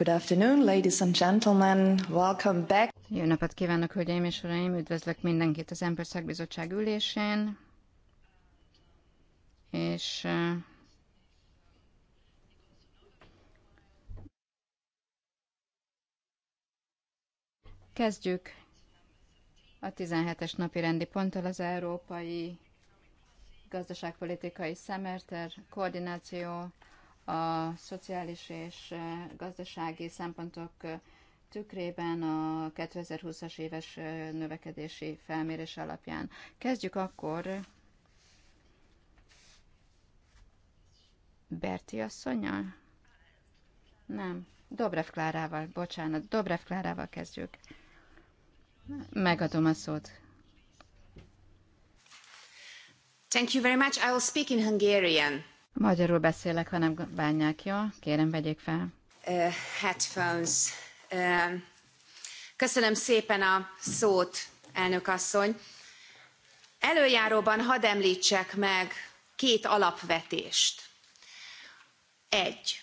Good afternoon, ladies and gentlemen. Welcome back. Jó napot kívánok, hölgyeim és uraim! Üdvözlök mindenkit az Ember Szakbizottság ülésén. És kezdjük a 17-es napi rendi ponttal az Európai Gazdaságpolitikai Szemerter Koordináció a szociális és gazdasági szempontok tükrében a 2020-as éves növekedési felmérés alapján. Kezdjük akkor Berti asszonynal? Nem, Dobrev Klárával, bocsánat, Dobrev Klárával kezdjük. Megadom a szót. Thank you very much. I will speak in Hungarian. Magyarul beszélek, ha nem bánják, jó? Kérem, vegyék fel. Uh, headphones. Uh, köszönöm szépen a szót, elnök asszony. Előjáróban hadd említsek meg két alapvetést. Egy.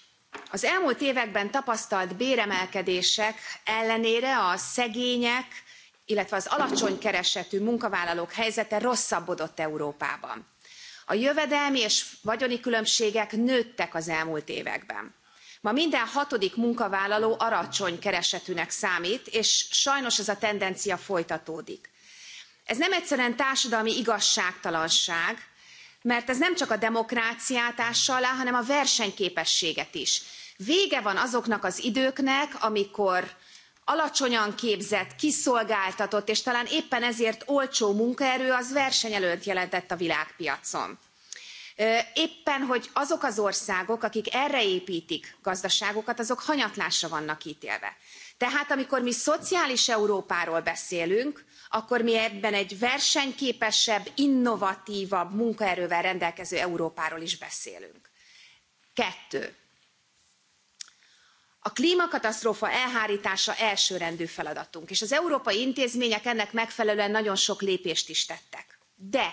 Az elmúlt években tapasztalt béremelkedések ellenére a szegények, illetve az alacsony keresetű munkavállalók helyzete rosszabbodott Európában a jövedelmi és vagyoni különbségek nőttek az elmúlt években. ma minden hatodik munkavállaló alacsony keresetűnek számt és sajnos ez a tendencia folytatódik. ez nem egyszerűen társadalmi igazságtalanság mert ez nem csak a demokráciát ássa alá hanem a versenyképességet is. vége van azoknak az időknek amikor alacsonyan képzett kiszolgáltatott és talán éppen ezért olcsó munkaerő az versenyelőnyt jelentett a világpiacon. éppen hogy azok az országok akik erre éptik gazdaságukat azok hanyatlásra vannak télve. tehát amikor mi szociális európáról beszélünk akkor mi ebben egy versenyképesebb innovatvabb munkaerővel rendelkező európáról is beszélünk. kettő a klmakatasztrófa elhártása elsőrendű feladatunk és az európai intézmények ennek megfelelően nagyon sok lépést is tettek de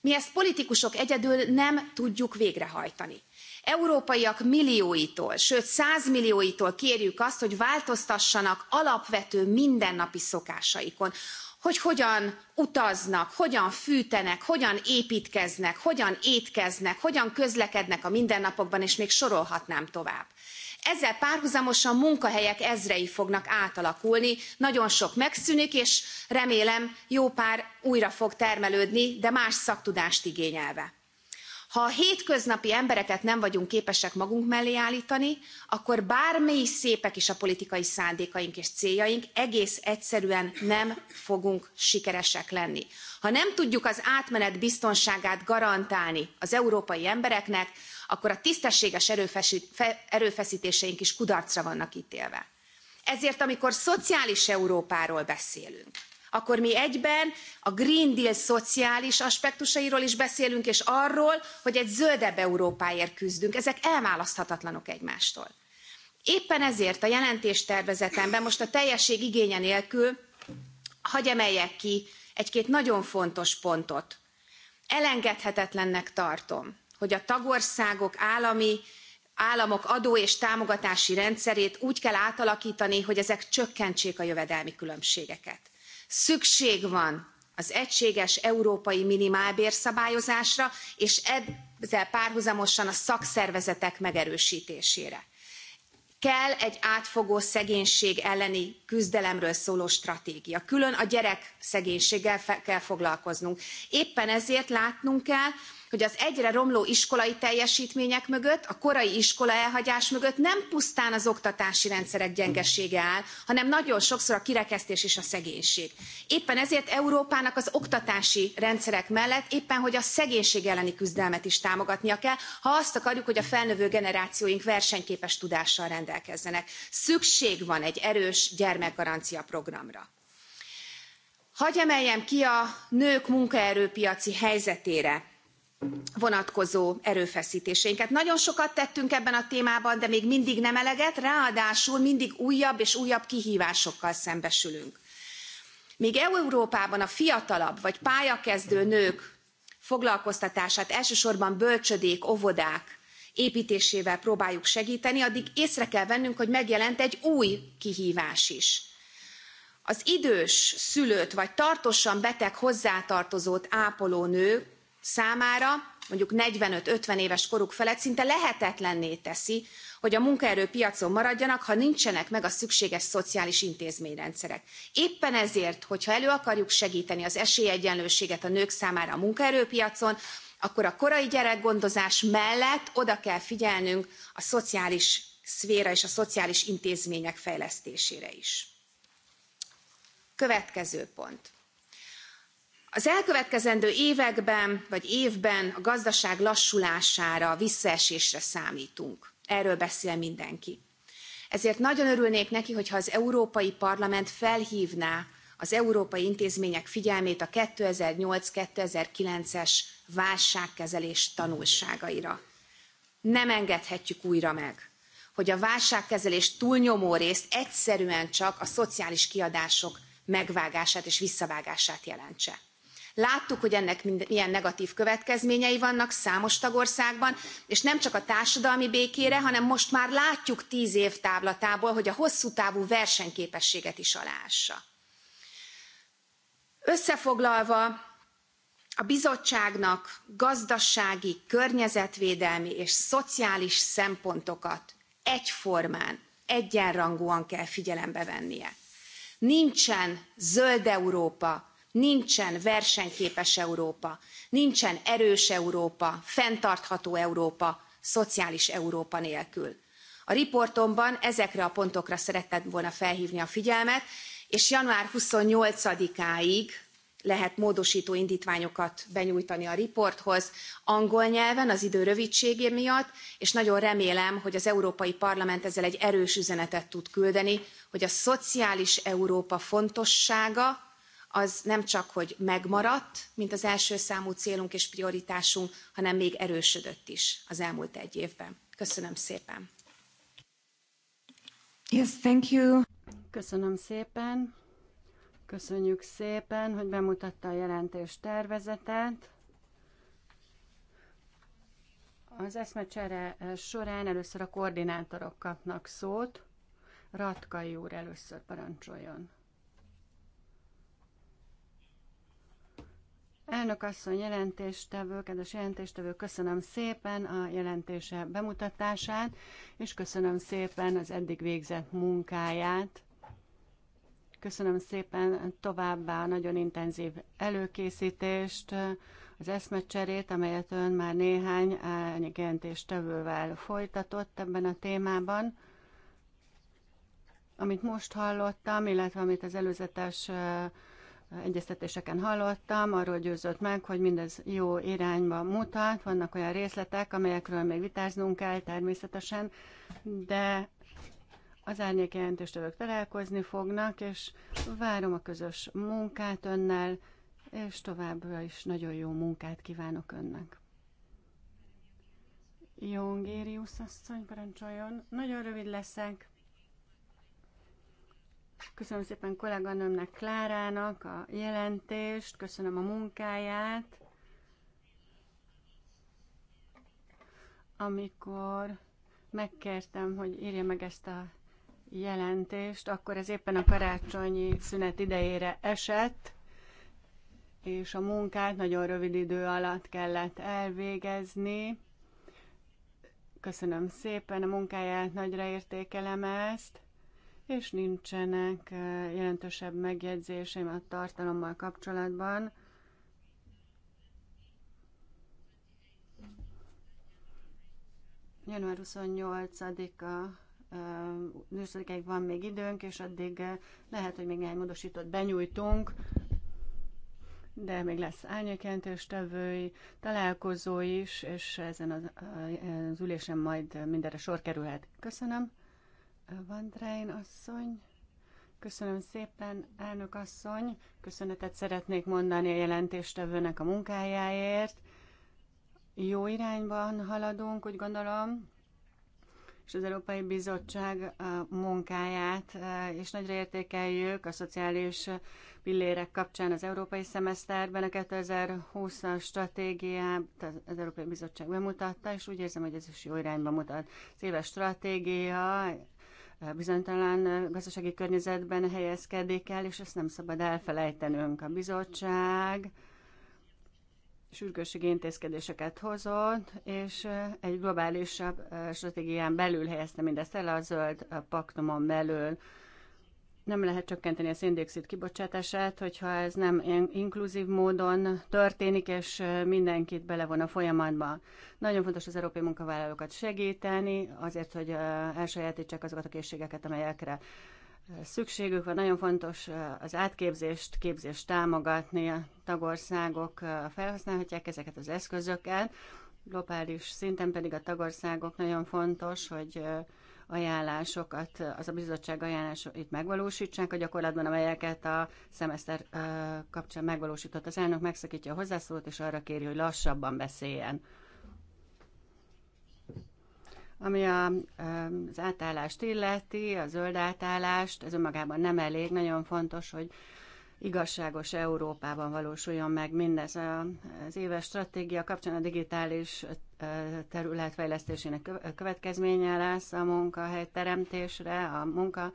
mi ezt politikusok egyedül nem tudjuk végrehajtani. európaiak millióitól sőt százmillióitól kérjük azt hogy változtassanak alapvető mindennapi szokásaikon hogy hogyan utaznak hogyan fűtenek hogyan éptkeznek hogyan étkeznek hogyan közlekednek a mindennapokban és még sorolhatnám tovább ezzel párhuzamosan munkahelyek ezrei fognak átalakulni nagyon sok megszűnik és remélem jó pár újra fog termelődni de más szaktudást igényelve. ha a hétköznapi embereket nem vagyunk képesek magunk mellé álltani akkor bármi szépek is a politikai szándékaink és céljaink egész egyszerűen nem fogunk sikeresek lenni. ha nem tudjuk az átmenet biztonságát garantálni az európai embereknek akkor a tisztességes erőfeszítéseink is kudarcra vannak ítélve. Ezért, amikor szociális Európáról beszélünk, akkor mi egyben a Green Deal szociális aspektusairól is beszélünk, és arról, hogy egy zöldebb Európáért küzdünk. Ezek elválaszthatatlanok egymástól. Éppen ezért a jelentéstervezetemben most a teljesség igénye nélkül hagy emeljek ki egy-két nagyon fontos pontot. Elengedhetetlennek tartom, hogy a tagországok állami államok adó és támogatási rendszerét úgy kell átalaktani hogy ezek csökkentsék a jövedelmi különbségeket. szükség van az egységes európai minimálbér szabályozásra és ezzel párhuzamosan a szakszervezetek megerőstésére. kell egy átfogó szegénység elleni küzdelemről szóló stratégia külön a gyerekszegénységgel kell foglalkoznunk éppen ezért látnunk kell hogy az egyre romló iskolai teljestmények mögött a korai iskolaelhagyás mögött nem pusztán az oktatási rendszerek gyengesége áll hanem nagyon sokszor a kirekesztés és a szegénység. éppen ezért európának az oktatási rendszerek mellett éppen hogy a szegénység elleni küzdelmet is támogatnia kell ha azt akarjuk hogy a felnövő generációink versenyképes tudással rendelkezzenek. szükség van egy erős gyermekgarancia programra. Hagy emeljem ki a nők munkaerőpiaci helyzetére vonatkozó erőfesztéseinket. nagyon sokat tettünk ebben a témában de még mindig nem eleget ráadásul mindig újabb és újabb kihvásokkal szembesülünk. mg európában a fiatalabb vagy pályakezdő nők foglalkoztatását elsősorban bölcsödék óvodák éptésével próbáljuk segteni addig észre kell vennünk hogy megjelent egy új kihvás is az idős szülőt vagy tartósan beteg hozzátartozót ápoló nők számára mondjuk 45-50 éves koruk felett szinte lehetetlenné teszi, hogy a munkaerőpiacon maradjanak, ha nincsenek meg a szükséges szociális intézményrendszerek. Éppen ezért, hogyha elő akarjuk segíteni az esélyegyenlőséget a nők számára a munkaerőpiacon, akkor a korai gyerekgondozás mellett oda kell figyelnünk a szociális szféra és a szociális intézmények fejlesztésére is. Következő pont az elkövetkezendő években vagy évben a gazdaság lassulására visszaesésre számtunk erről beszél mindenki. ezért nagyon örülnék neki hogyha az európai parlament felhvná az európai intézmények figyelmét a two thousand and eight two thousand and nine es válságkezelés tanulságaira. nem engedhetjük újra meg hogy a válságkezelés túlnyomó részt egyszerűen csak a szociális kiadások megvágását és visszavágását jelentse láttuk hogy ennek milyen negatv következményei vannak számos tagországban és nem csak a társadalmi békére hanem most már látjuk tz év távlatából hogy a hosszú távú versenyképességet is aláássa. összefoglalva a bizottságnak gazdasági környezetvédelmi és szociális szempontokat egyformán egyenrangúan kell figyelembe vennie. nincsen zöld európa nincsen versenyképes európa nincsen erős európa fenntartható európa szociális európa nélkül. a riportomban ezekre a pontokra szerettem volna felhvni a figyelmet és január twenty eight áig lehet módostó indtványokat benyújtani a riporthoz angol nyelven az idő rövidsége miatt és nagyon remélem hogy az európai parlament ezzel egy erős üzenetet tud küldeni hogy a szociális európa fontossága az nem csak hogy megmaradt, mint az első számú célunk és prioritásunk, hanem még erősödött is az elmúlt egy évben. Köszönöm szépen. Yes, thank you. Köszönöm szépen. Köszönjük szépen, hogy bemutatta a jelentés tervezetet. Az eszmecsere során először a koordinátorok kapnak szót. Ratkai úr először parancsoljon. Elnök asszony jelentéstevő, kedves jelentéstevő, köszönöm szépen a jelentése bemutatását, és köszönöm szépen az eddig végzett munkáját. Köszönöm szépen továbbá a nagyon intenzív előkészítést, az eszmecserét, amelyet ön már néhány jelentéstevővel folytatott ebben a témában. Amit most hallottam, illetve amit az előzetes egyeztetéseken hallottam, arról győzött meg, hogy mindez jó irányba mutat, vannak olyan részletek, amelyekről még vitáznunk kell természetesen, de az árnyék jelentőstövök találkozni fognak, és várom a közös munkát önnel, és továbbra is nagyon jó munkát kívánok önnek. Jongérius asszony, parancsoljon. Nagyon rövid leszek. Köszönöm szépen kolléganőmnek Klárának a jelentést, köszönöm a munkáját. Amikor megkértem, hogy írja meg ezt a jelentést, akkor ez éppen a karácsonyi szünet idejére esett, és a munkát nagyon rövid idő alatt kellett elvégezni. Köszönöm szépen a munkáját, nagyra értékelem ezt és nincsenek jelentősebb megjegyzéseim a tartalommal kapcsolatban. Január 28-a nőszögeig van még időnk, és addig lehet, hogy még néhány módosítót benyújtunk, de még lesz tevői, találkozó is, és ezen az, az ülésen majd mindenre sor kerülhet. Köszönöm. Van Trein asszony. Köszönöm szépen, elnök asszony. Köszönetet szeretnék mondani a jelentéstevőnek a munkájáért. Jó irányban haladunk, úgy gondolom, és az Európai Bizottság munkáját, e, és nagyra értékeljük a szociális pillérek kapcsán az Európai Szemeszterben a 2020-as stratégiát az Európai Bizottság bemutatta, és úgy érzem, hogy ez is jó irányba mutat. Az éves stratégia bizonytalan gazdasági környezetben helyezkedik el, és ezt nem szabad elfelejtenünk. A bizottság sürgősségi intézkedéseket hozott, és egy globálisabb stratégián belül helyezte mindezt el a zöld paktumon belül nem lehet csökkenteni a széndiokszid kibocsátását, hogyha ez nem inkluzív módon történik, és mindenkit belevon a folyamatba. Nagyon fontos az európai munkavállalókat segíteni, azért, hogy elsajátítsák azokat a készségeket, amelyekre szükségük van. Nagyon fontos az átképzést, képzést támogatni. A tagországok felhasználhatják ezeket az eszközöket, globális szinten pedig a tagországok nagyon fontos, hogy ajánlásokat, az a bizottság ajánlásait megvalósítsák a gyakorlatban, amelyeket a szemeszter kapcsán megvalósított. Az elnök megszakítja a hozzászólót, és arra kéri, hogy lassabban beszéljen. Ami a, az átállást illeti, a zöld átállást, ez önmagában nem elég, nagyon fontos, hogy igazságos Európában valósuljon meg mindez. Az éves stratégia kapcsán a digitális terület fejlesztésének következménye lesz a munkahely teremtésre, a munka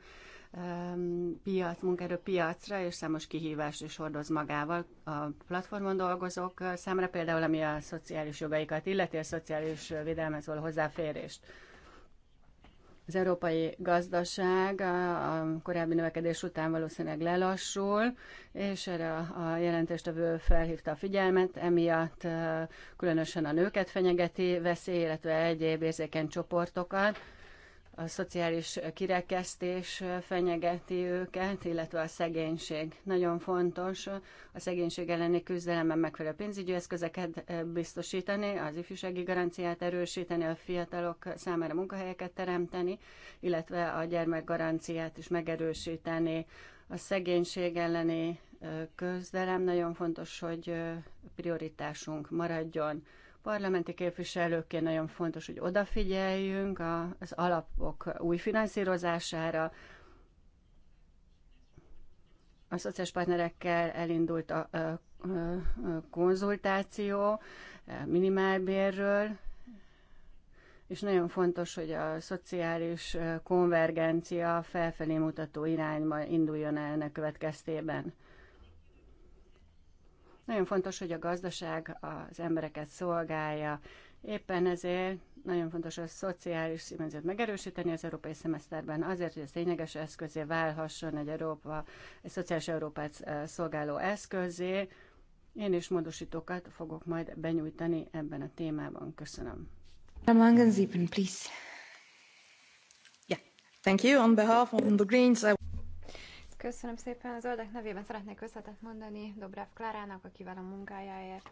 piac, piacra és számos kihívást is hordoz magával a platformon dolgozók számára, például ami a szociális jogaikat illeti, a szociális védelmet való hozzáférést. Az európai gazdaság a korábbi növekedés után valószínűleg lelassul, és erre a jelentéstevő felhívta a figyelmet, emiatt különösen a nőket fenyegeti veszély, illetve egyéb érzékeny csoportokat, a szociális kirekesztés fenyegeti őket, illetve a szegénység. Nagyon fontos a szegénység elleni küzdelemben megfelelő pénzügyi eszközeket biztosítani, az ifjúsági garanciát erősíteni, a fiatalok számára munkahelyeket teremteni, illetve a gyermekgaranciát is megerősíteni. A szegénység elleni közdelem nagyon fontos, hogy prioritásunk maradjon. Parlamenti képviselőként nagyon fontos, hogy odafigyeljünk az alapok új finanszírozására. A szociális partnerekkel elindult a, a, konzultáció e, minimálbérről, és nagyon fontos, hogy a szociális e, konvergencia felfelé mutató irányba induljon el ennek következtében. Nagyon fontos, hogy a gazdaság az embereket szolgálja. Éppen ezért nagyon fontos a szociális dimenziót megerősíteni az európai szemeszterben, azért, hogy ez tényleges eszközé válhasson egy, Európa, egy szociális Európát szolgáló eszközé. Én is módosítókat fogok majd benyújtani ebben a témában. Köszönöm. please. Yeah. Thank you. On behalf of the Greens, I... Köszönöm szépen. az zöldek nevében szeretnék összetett mondani Dobrev Klárának, akivel a munkájáért.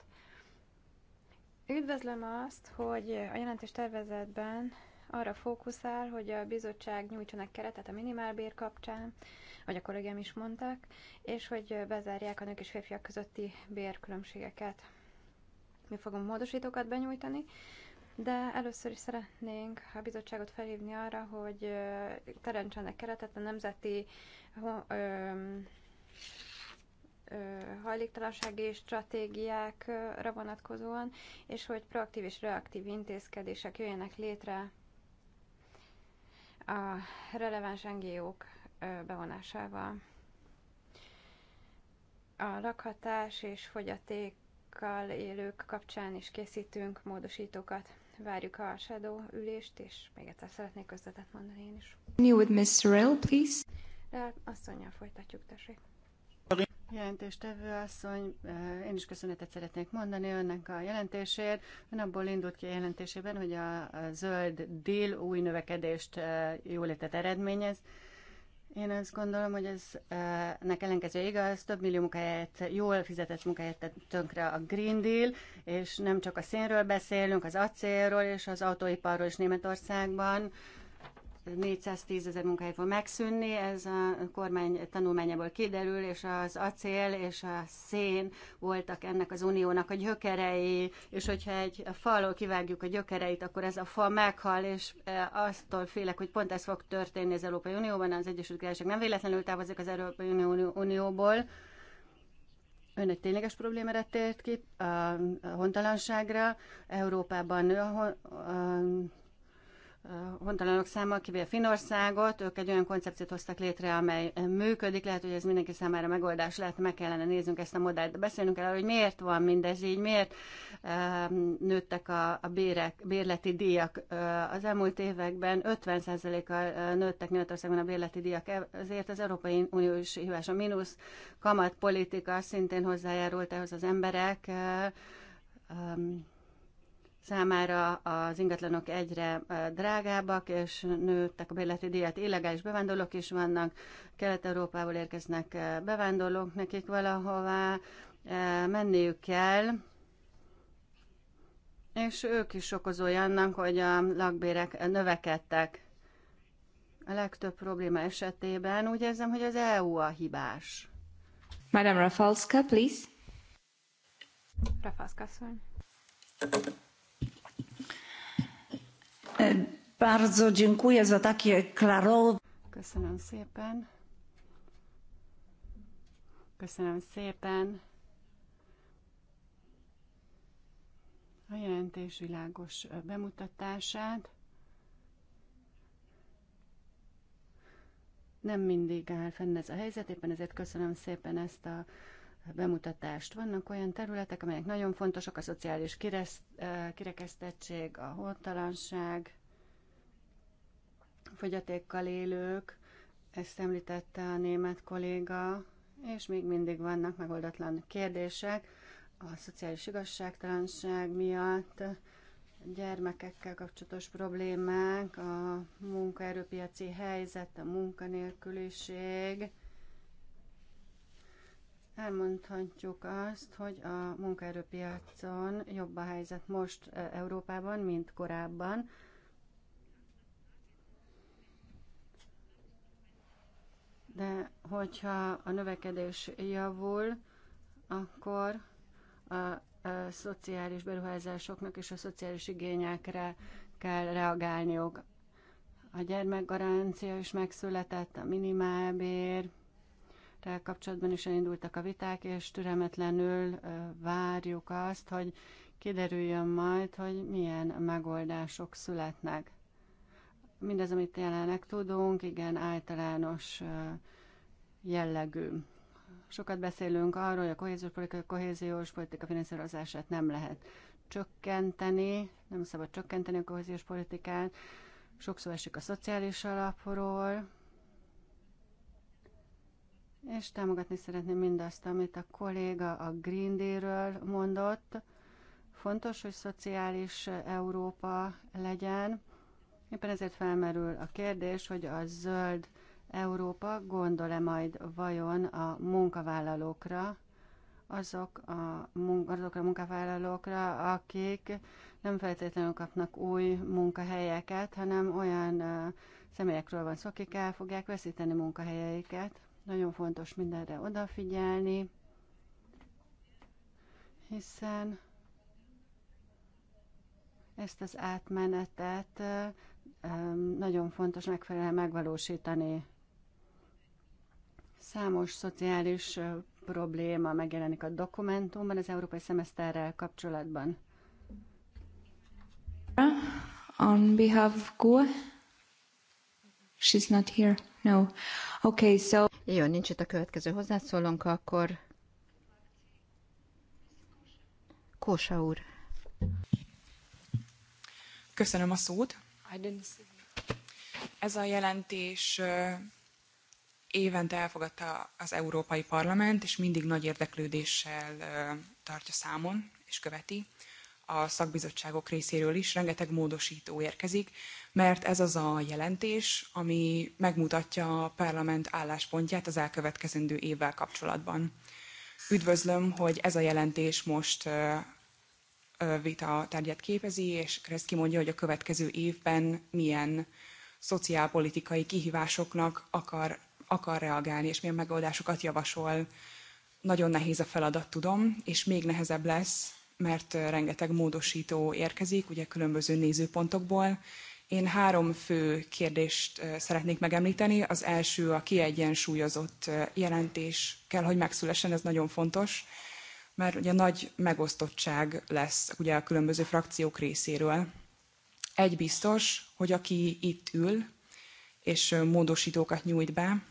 Üdvözlöm azt, hogy a jelentés tervezetben arra fókuszál, hogy a bizottság nyújtson egy keretet a minimálbér kapcsán, vagy a kollégám is mondták, és hogy bezárják a nők és férfiak közötti bérkülönbségeket. Mi fogunk módosítókat benyújtani, de először is szeretnénk a bizottságot felhívni arra, hogy teremtsenek keretet a nemzeti hajléktalansági stratégiákra vonatkozóan, és hogy proaktív és reaktív intézkedések jöjjenek létre a releváns NGO-k bevonásával. A lakhatás és fogyatékkal élők kapcsán is készítünk módosítókat várjuk a Shadow ülést, és még egyszer szeretnék közvetet mondani én is. New with Miss Rail, please. De Asszonyjal folytatjuk, tessék. Jelentéstevő asszony, eh, én is köszönetet szeretnék mondani önnek a jelentésért. Ön abból indult ki a jelentésében, hogy a zöld dél új növekedést, eh, jólétet eredményez. Én azt gondolom, hogy ez eh, nek ellenkező igaz, több millió munkáját, jól fizetett munkáját tett tönkre a Green Deal, és nem csak a szénről beszélünk, az acélról és az autóiparról is Németországban 410 ezer munkahely fog megszűnni, ez a kormány tanulmányából kiderül, és az acél és a szén voltak ennek az uniónak a gyökerei, és hogyha egy falról kivágjuk a gyökereit, akkor ez a fa meghal, és e, aztól félek, hogy pont ez fog történni az Európai Unióban, az Egyesült Királyság nem véletlenül távozik az Európai Unióból, Ön egy tényleges problémára tért ki, a hontalanságra. Európában nő a hontalanok száma, kivéve Finországot, ők egy olyan koncepciót hoztak létre, amely működik, lehet, hogy ez mindenki számára megoldás lehet, meg kellene néznünk ezt a modellt, de beszélnünk el, hogy miért van mindez így, miért nőttek a, a bérek, bérleti díjak. Az elmúlt években 50%-kal nőttek Németországban a bérleti díjak, ezért az Európai Uniós hívás a mínusz kamatpolitika szintén hozzájárult ehhez az emberek um, számára az ingatlanok egyre drágábbak, és nőttek a bérleti díjat. Illegális bevándorlók is vannak, Kelet-Európából érkeznek bevándorlók, nekik valahová menniük kell, és ők is okozói annak, hogy a lakbérek növekedtek. A legtöbb probléma esetében úgy érzem, hogy az EU a hibás. Madame Rafalska, please. Rafalska, szól. E, bardzo dziękuję za takie klarowne. Köszönöm szépen. Köszönöm szépen. A jelentés világos e, bemutatását. Nem mindig áll fenn ez a helyzet, éppen ezért köszönöm szépen ezt a bemutatást. Vannak olyan területek, amelyek nagyon fontosak, a szociális kiresz, kirekesztettség, a holtalanság, fogyatékkal élők, ezt említette a német kolléga, és még mindig vannak megoldatlan kérdések a szociális igazságtalanság miatt, gyermekekkel kapcsolatos problémák, a munkaerőpiaci helyzet, a munkanélküliség, Elmondhatjuk azt, hogy a munkaerőpiacon jobb a helyzet most e, Európában, mint korábban. De hogyha a növekedés javul, akkor a, a e, szociális beruházásoknak és a szociális igényekre kell reagálniuk. A gyermekgarancia is megszületett, a minimálbér, tel kapcsolatban is elindultak a viták, és türelmetlenül várjuk azt, hogy kiderüljön majd, hogy milyen megoldások születnek. Mindez, amit jelenleg tudunk, igen, általános jellegű. Sokat beszélünk arról, hogy a kohéziós politika, a kohéziós politika finanszírozását nem lehet csökkenteni, nem szabad csökkenteni a kohéziós politikát. Sokszor esik a szociális alapról, és támogatni szeretném mindazt, amit a kolléga a Green Deal-ről mondott. Fontos, hogy szociális Európa legyen. Éppen ezért felmerül a kérdés, hogy a zöld Európa gondol-e majd vajon a munkavállalókra, azok a, azokra a munkavállalókra, akik nem feltétlenül kapnak új munkahelyeket, hanem olyan személyekről van szó, akik el fogják veszíteni munkahelyeiket. Nagyon fontos mindenre odafigyelni, hiszen ezt az átmenetet nagyon fontos megfelelően megvalósítani. Számos szociális probléma megjelenik a dokumentumban az európai szemeszterrel kapcsolatban. On behalf of Gua, e, She's not here. No. Okay, so... Jó, nincs itt a következő hozzászólónk, akkor Kósa úr. Köszönöm a szót. Ez a jelentés évente elfogadta az Európai Parlament, és mindig nagy érdeklődéssel tartja számon és követi a szakbizottságok részéről is rengeteg módosító érkezik, mert ez az a jelentés, ami megmutatja a parlament álláspontját az elkövetkezendő évvel kapcsolatban. Üdvözlöm, hogy ez a jelentés most vita tárgyát képezi, és ezt kimondja, hogy a következő évben milyen szociálpolitikai kihívásoknak akar, akar reagálni, és milyen megoldásokat javasol. Nagyon nehéz a feladat, tudom, és még nehezebb lesz mert rengeteg módosító érkezik, ugye különböző nézőpontokból. Én három fő kérdést szeretnék megemlíteni. Az első a kiegyensúlyozott jelentés kell, hogy megszülessen, ez nagyon fontos, mert ugye nagy megosztottság lesz ugye a különböző frakciók részéről. Egy biztos, hogy aki itt ül és módosítókat nyújt be,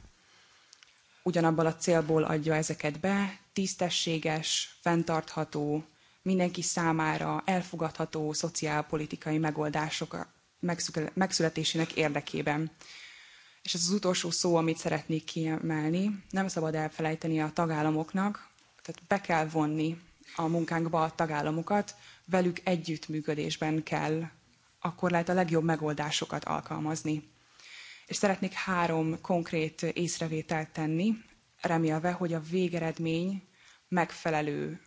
ugyanabban a célból adja ezeket be, tisztességes, fenntartható, mindenki számára elfogadható szociálpolitikai megoldások megszületésének érdekében. És ez az utolsó szó, amit szeretnék kiemelni, nem szabad elfelejteni a tagállamoknak, tehát be kell vonni a munkánkba a tagállamokat, velük együttműködésben kell, akkor lehet a legjobb megoldásokat alkalmazni. És szeretnék három konkrét észrevételt tenni, remélve, hogy a végeredmény megfelelő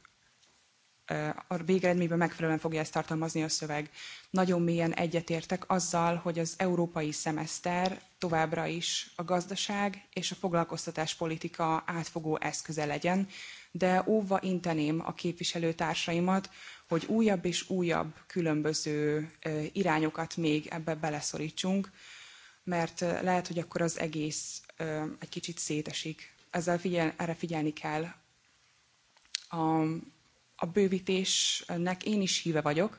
a végeredményben megfelelően fogja ezt tartalmazni a szöveg. Nagyon mélyen egyetértek azzal, hogy az európai szemeszter továbbra is a gazdaság és a foglalkoztatás politika átfogó eszköze legyen, de óva inteném a képviselőtársaimat, hogy újabb és újabb különböző irányokat még ebbe beleszorítsunk, mert lehet, hogy akkor az egész egy kicsit szétesik. Ezzel figyel, erre figyelni kell. A a bővítésnek én is híve vagyok,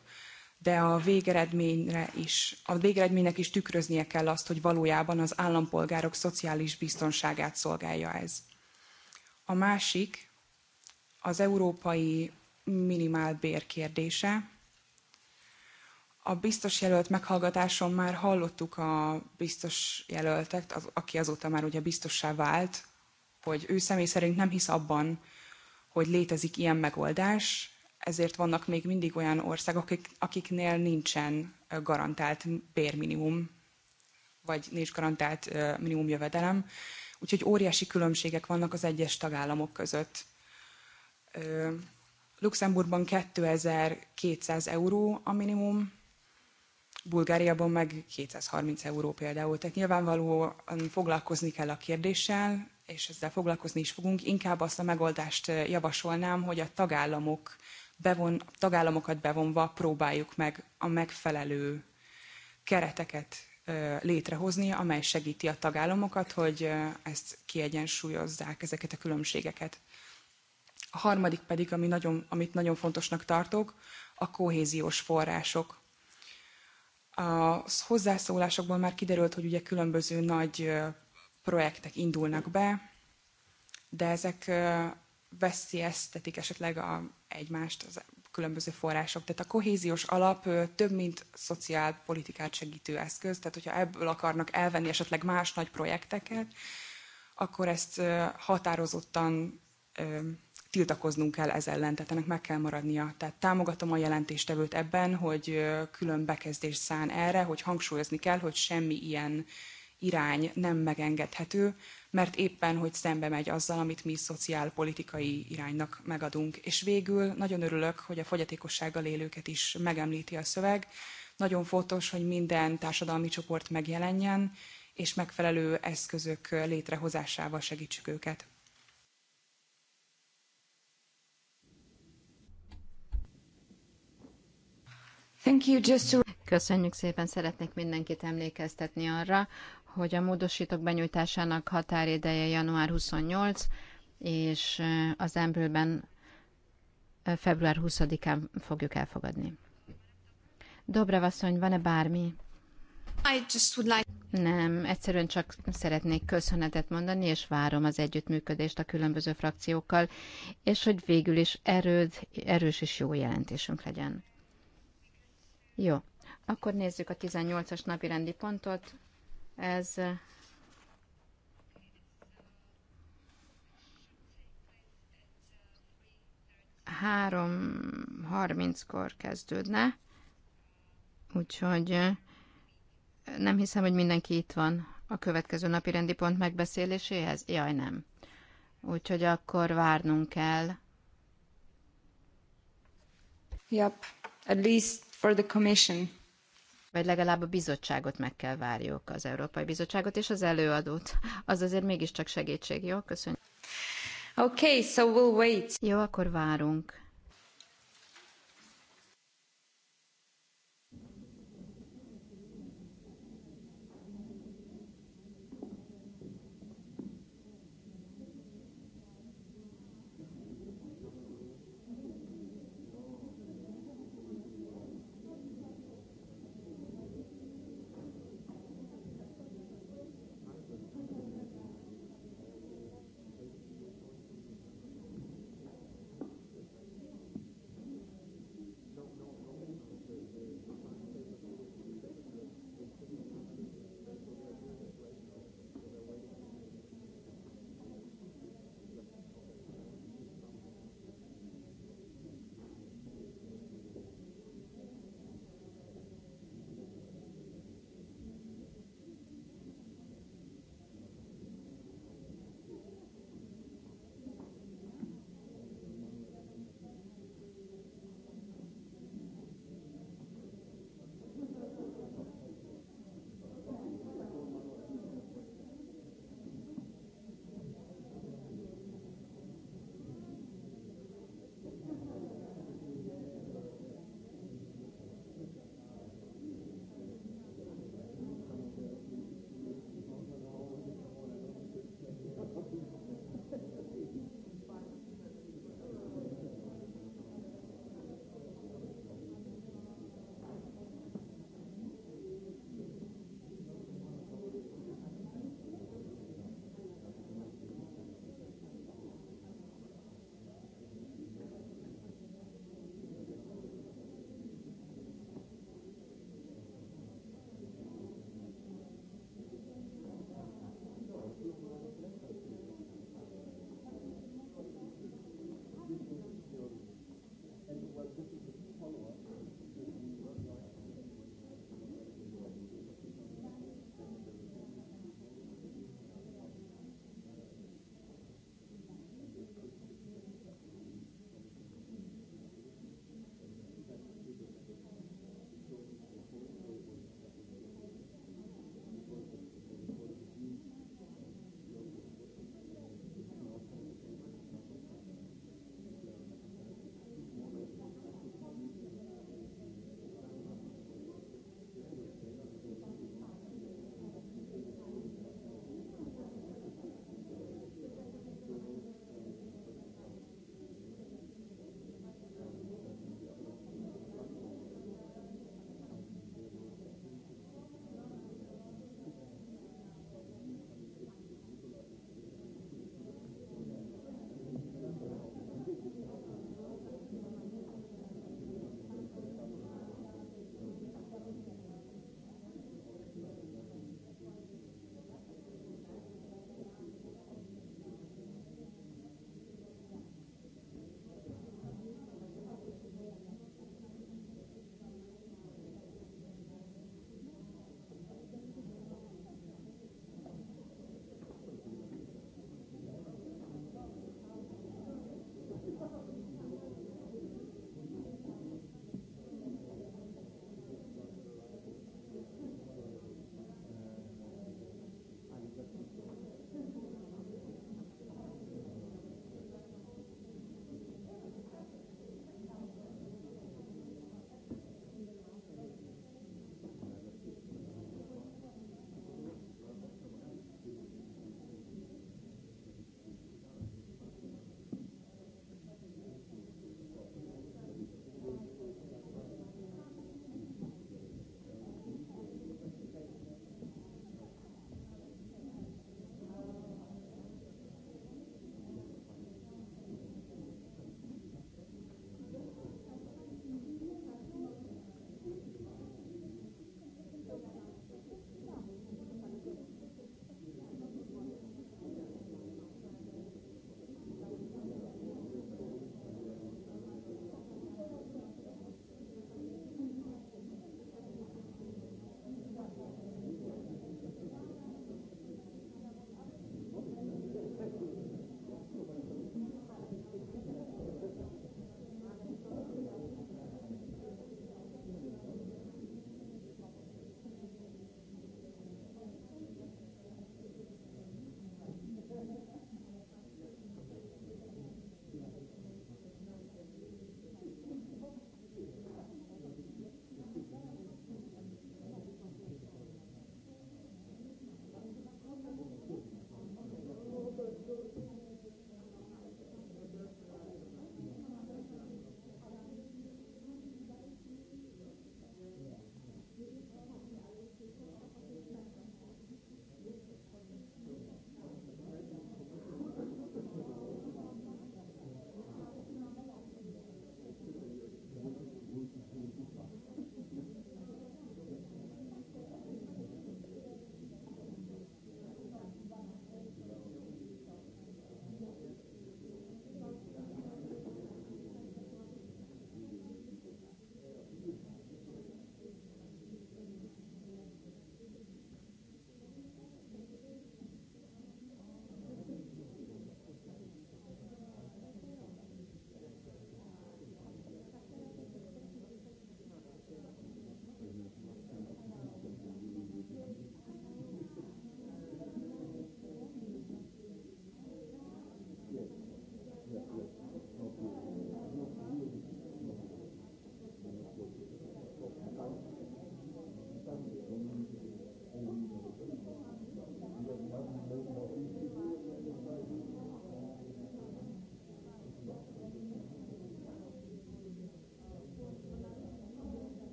de a végeredményre is, a végeredménynek is tükröznie kell azt, hogy valójában az állampolgárok szociális biztonságát szolgálja ez. A másik az európai minimálbér kérdése. A biztos jelölt meghallgatáson már hallottuk a biztos jelöltet, az, aki azóta már ugye biztossá vált, hogy ő személy szerint nem hisz abban, hogy létezik ilyen megoldás, ezért vannak még mindig olyan országok, akik, akiknél nincsen garantált bérminimum, vagy nincs garantált minimum jövedelem. Úgyhogy óriási különbségek vannak az egyes tagállamok között. Luxemburgban 2200 euró a minimum, Bulgáriában meg 230 euró például. Tehát nyilvánvalóan foglalkozni kell a kérdéssel, és ezzel foglalkozni is fogunk, inkább azt a megoldást javasolnám, hogy a tagállamok bevon, tagállamokat bevonva próbáljuk meg a megfelelő kereteket létrehozni, amely segíti a tagállamokat, hogy ezt kiegyensúlyozzák, ezeket a különbségeket. A harmadik pedig, ami nagyon, amit nagyon fontosnak tartok, a kohéziós források. A hozzászólásokból már kiderült, hogy ugye különböző nagy projektek indulnak be, de ezek veszélyeztetik esetleg a, egymást az különböző források. Tehát a kohéziós alap több, mint szociálpolitikát segítő eszköz, tehát hogyha ebből akarnak elvenni esetleg más nagy projekteket, akkor ezt határozottan tiltakoznunk kell ez ellen, tehát ennek meg kell maradnia. Tehát támogatom a jelentéstevőt ebben, hogy külön bekezdés szán erre, hogy hangsúlyozni kell, hogy semmi ilyen irány nem megengedhető, mert éppen, hogy szembe megy azzal, amit mi szociálpolitikai iránynak megadunk. És végül nagyon örülök, hogy a fogyatékossággal élőket is megemlíti a szöveg. Nagyon fontos, hogy minden társadalmi csoport megjelenjen, és megfelelő eszközök létrehozásával segítsük őket. Köszönjük szépen, szeretnék mindenkit emlékeztetni arra, hogy a módosítók benyújtásának határideje január 28, és eh, az emberben eh, február 20-án fogjuk elfogadni. Dobrev asszony, van-e bármi? I just would like... Nem, egyszerűen csak szeretnék köszönetet mondani, és várom az együttműködést a különböző frakciókkal, és hogy végül is erőd, erős és jó jelentésünk legyen. Jó, akkor nézzük a 18-as napi rendi pontot ez három harminckor kezdődne, úgyhogy nem hiszem, hogy mindenki itt van a következő napi rendi pont megbeszéléséhez. Jaj, nem. Úgyhogy akkor várnunk kell. Yep, at least for the commission vagy legalább a bizottságot meg kell várjuk, az Európai Bizottságot és az előadót. Az azért mégiscsak segítség, jó? Köszönjük. Okay, so we'll wait. Jó, akkor várunk.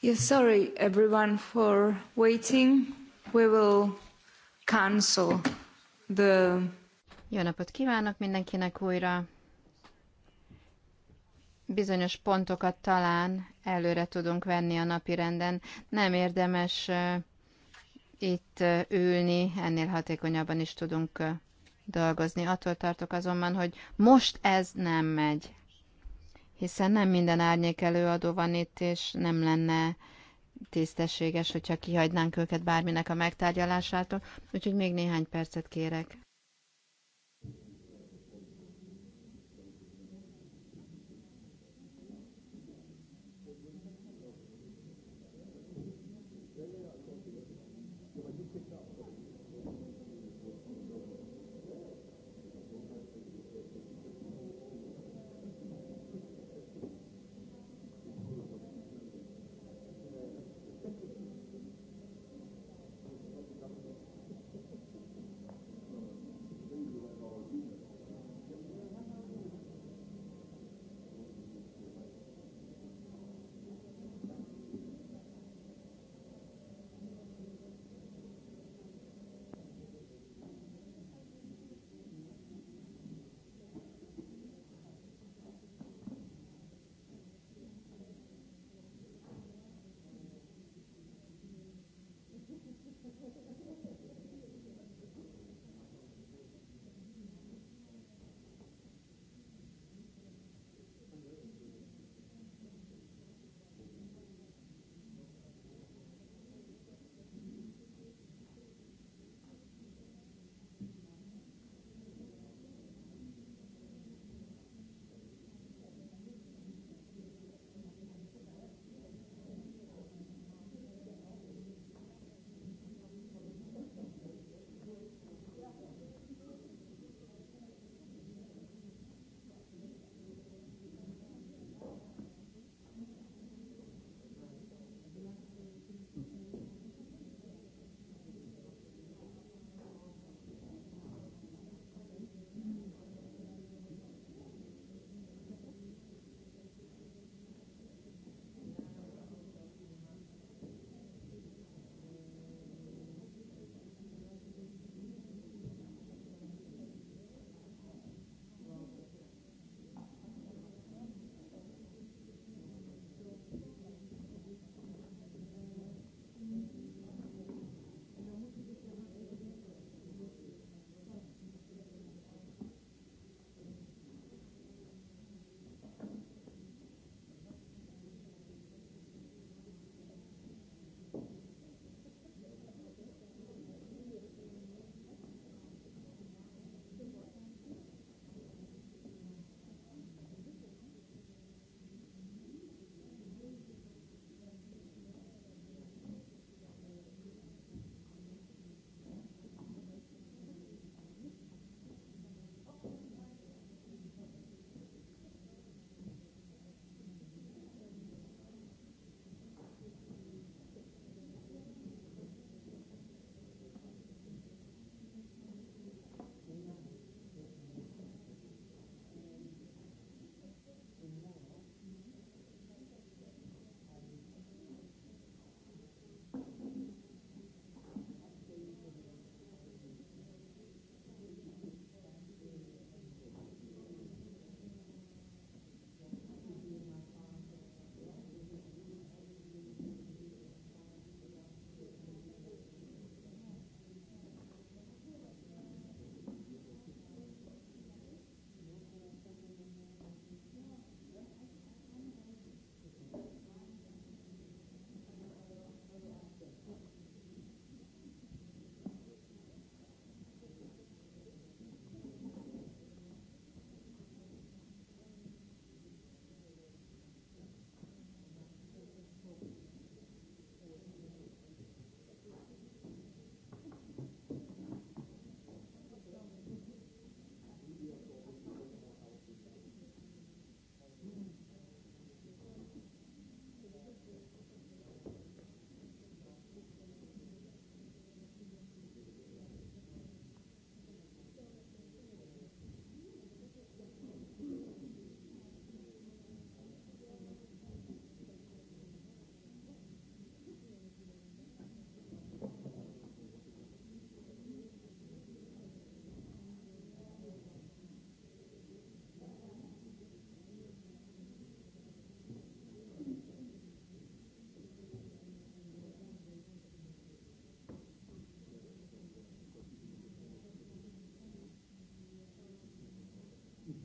Yes, sorry everyone for waiting. We will cancel the... Jó napot kívánok mindenkinek újra. Bizonyos pontokat talán előre tudunk venni a napi renden. Nem érdemes eh, itt eh, ülni, ennél hatékonyabban is tudunk eh, dolgozni. Attól tartok azonban, hogy most ez nem megy hiszen nem minden árnyék előadó van itt, és nem lenne tisztességes, hogyha kihagynánk őket bárminek a megtárgyalásától, úgyhogy még néhány percet kérek.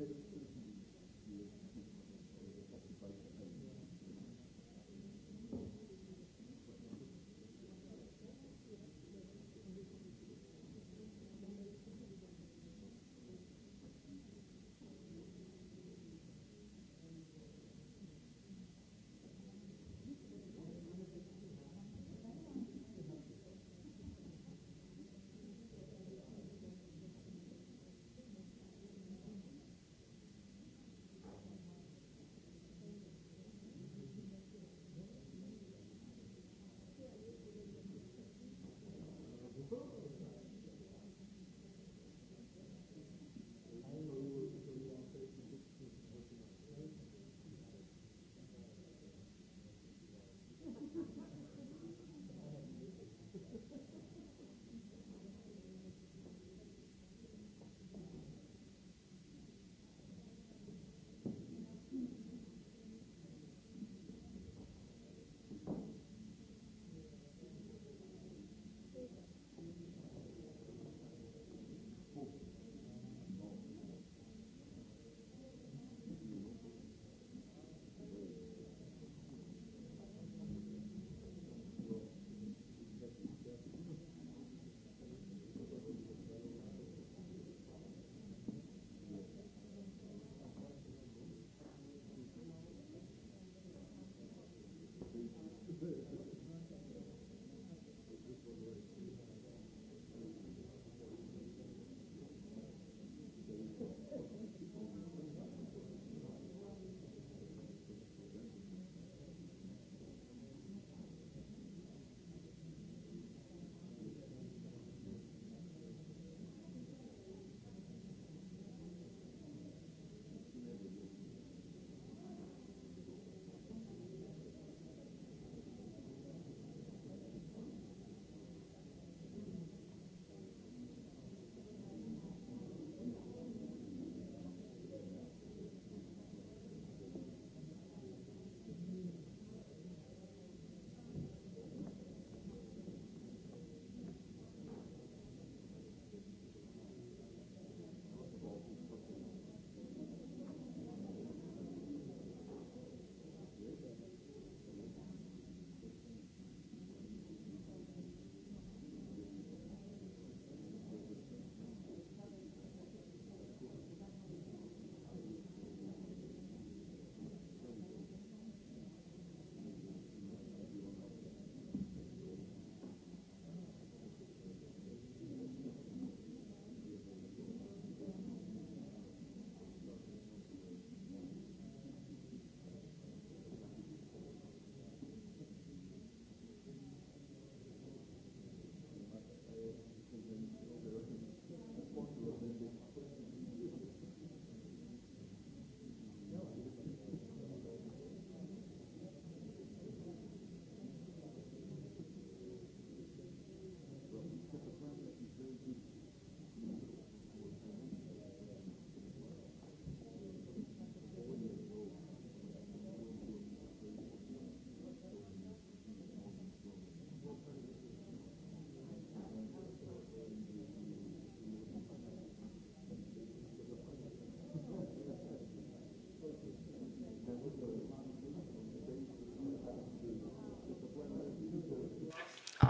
Thank you.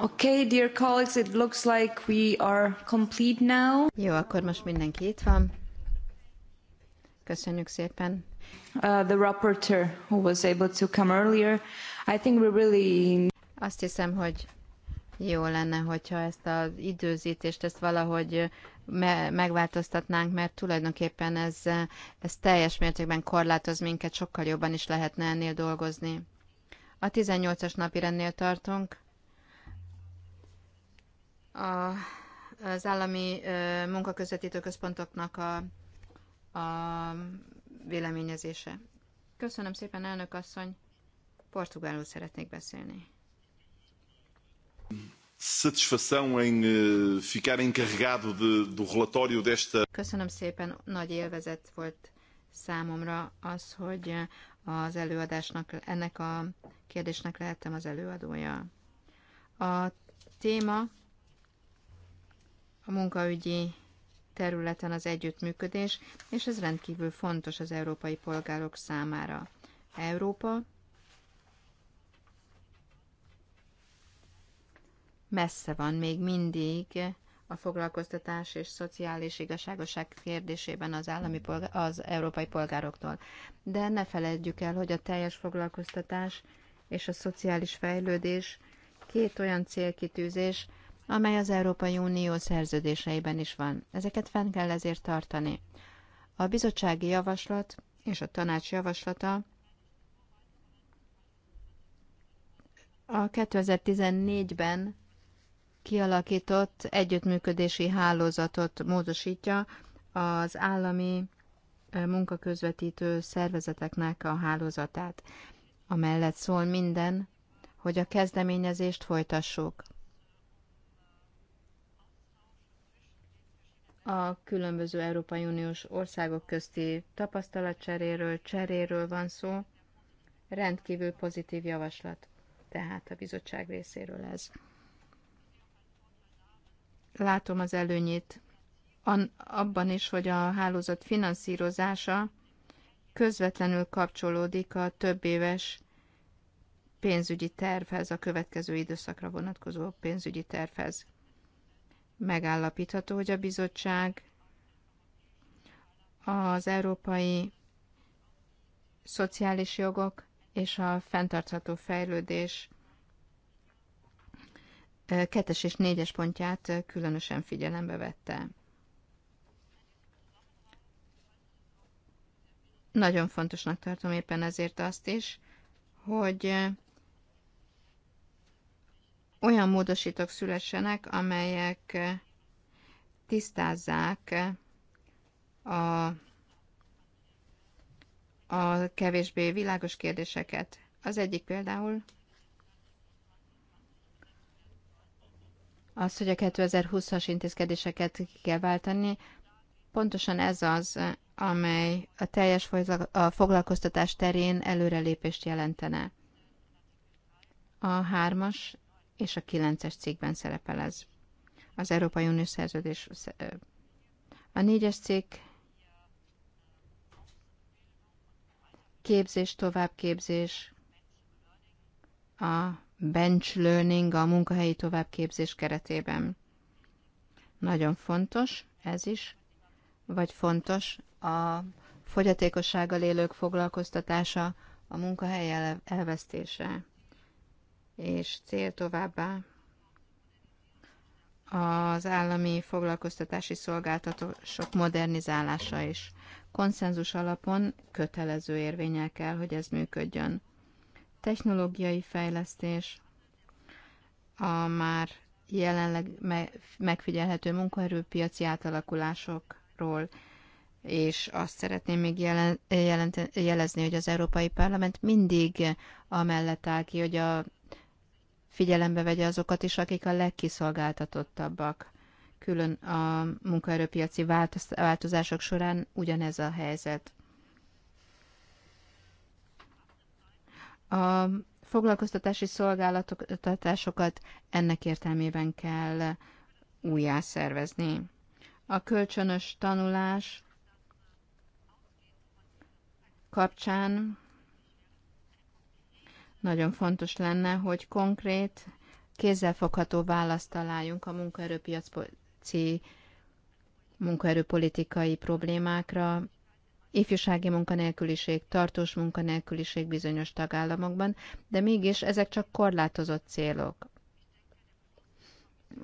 Okay, dear colleagues, it looks like we are complete now. Jó, akkor most mindenki itt van. Köszönjük szépen. Uh, the rapporteur who was able to come earlier. I think we really... Azt hiszem, hogy jó lenne, hogyha ezt az időzítést, ezt valahogy uh, me- megváltoztatnánk, mert tulajdonképpen ez, uh, ez teljes mértékben korlátoz minket, sokkal jobban is lehetne ennél dolgozni. A 18-as napi rendnél tartunk a, az állami munkaközvetítő központoknak a, a véleményezése. Köszönöm szépen, elnök asszony. Portugálul szeretnék beszélni. Satisfação em eh, ficar encarregado de, do relatório desta. Köszönöm szépen, nagy élvezet volt számomra az, hogy az előadásnak, ennek a kérdésnek lehettem az előadója. A téma a munkaügyi területen az együttműködés, és ez rendkívül fontos az európai polgárok számára. Európa messze van még mindig a foglalkoztatás és szociális igazságosság kérdésében az, állami polgár, az európai polgároktól. De ne feledjük el, hogy a teljes foglalkoztatás és a szociális fejlődés két olyan célkitűzés, amely az Európai Unió szerződéseiben is van. Ezeket fenn kell ezért tartani. A bizottsági javaslat és a tanács javaslata a 2014-ben kialakított együttműködési hálózatot módosítja az állami munkaközvetítő szervezeteknek a hálózatát. Amellett szól minden, hogy a kezdeményezést folytassuk. a különböző Európai Uniós országok közti tapasztalatcseréről, cseréről van szó. Rendkívül pozitív javaslat, tehát a bizottság részéről ez. Látom az előnyét abban is, hogy a hálózat finanszírozása közvetlenül kapcsolódik a több éves pénzügyi tervhez, a következő időszakra vonatkozó pénzügyi tervhez megállapítható, hogy a bizottság az európai szociális jogok és a fenntartható fejlődés kettes és négyes pontját különösen figyelembe vette. Nagyon fontosnak tartom éppen ezért azt is, hogy olyan módosítók szülessenek, amelyek eh, tisztázzák eh, a, a kevésbé világos kérdéseket. Az egyik például az, hogy a 2020-as intézkedéseket ki kell váltani, pontosan ez az, amely a teljes a foglalkoztatás terén előrelépést jelentene. A hármas és a 9-es cikkben szerepel ez. Az Európai Unió szerződés a 4-es cikk képzés, továbbképzés, a bench learning, a munkahelyi továbbképzés keretében. Nagyon fontos ez is, vagy fontos a fogyatékossággal élők foglalkoztatása, a munkahely elvesztése és cél továbbá az állami foglalkoztatási szolgáltatások modernizálása is. Konszenzus alapon kötelező érvényel kell, hogy ez működjön. Technológiai fejlesztés, a már jelenleg megfigyelhető munkaerőpiaci átalakulásokról, és azt szeretném még jelen, jelent, jelezni, hogy az Európai Parlament mindig amellett áll ki, hogy a figyelembe vegye azokat is, akik a legkiszolgáltatottabbak. Külön a munkaerőpiaci változások során ugyanez a helyzet. A foglalkoztatási szolgáltatásokat ennek értelmében kell újjá szervezni. A kölcsönös tanulás kapcsán nagyon fontos lenne, hogy konkrét, kézzelfogható választ találjunk a munkaerőpiaci munkaerőpolitikai problémákra, ifjúsági munkanélküliség, tartós munkanélküliség bizonyos tagállamokban, de mégis ezek csak korlátozott célok.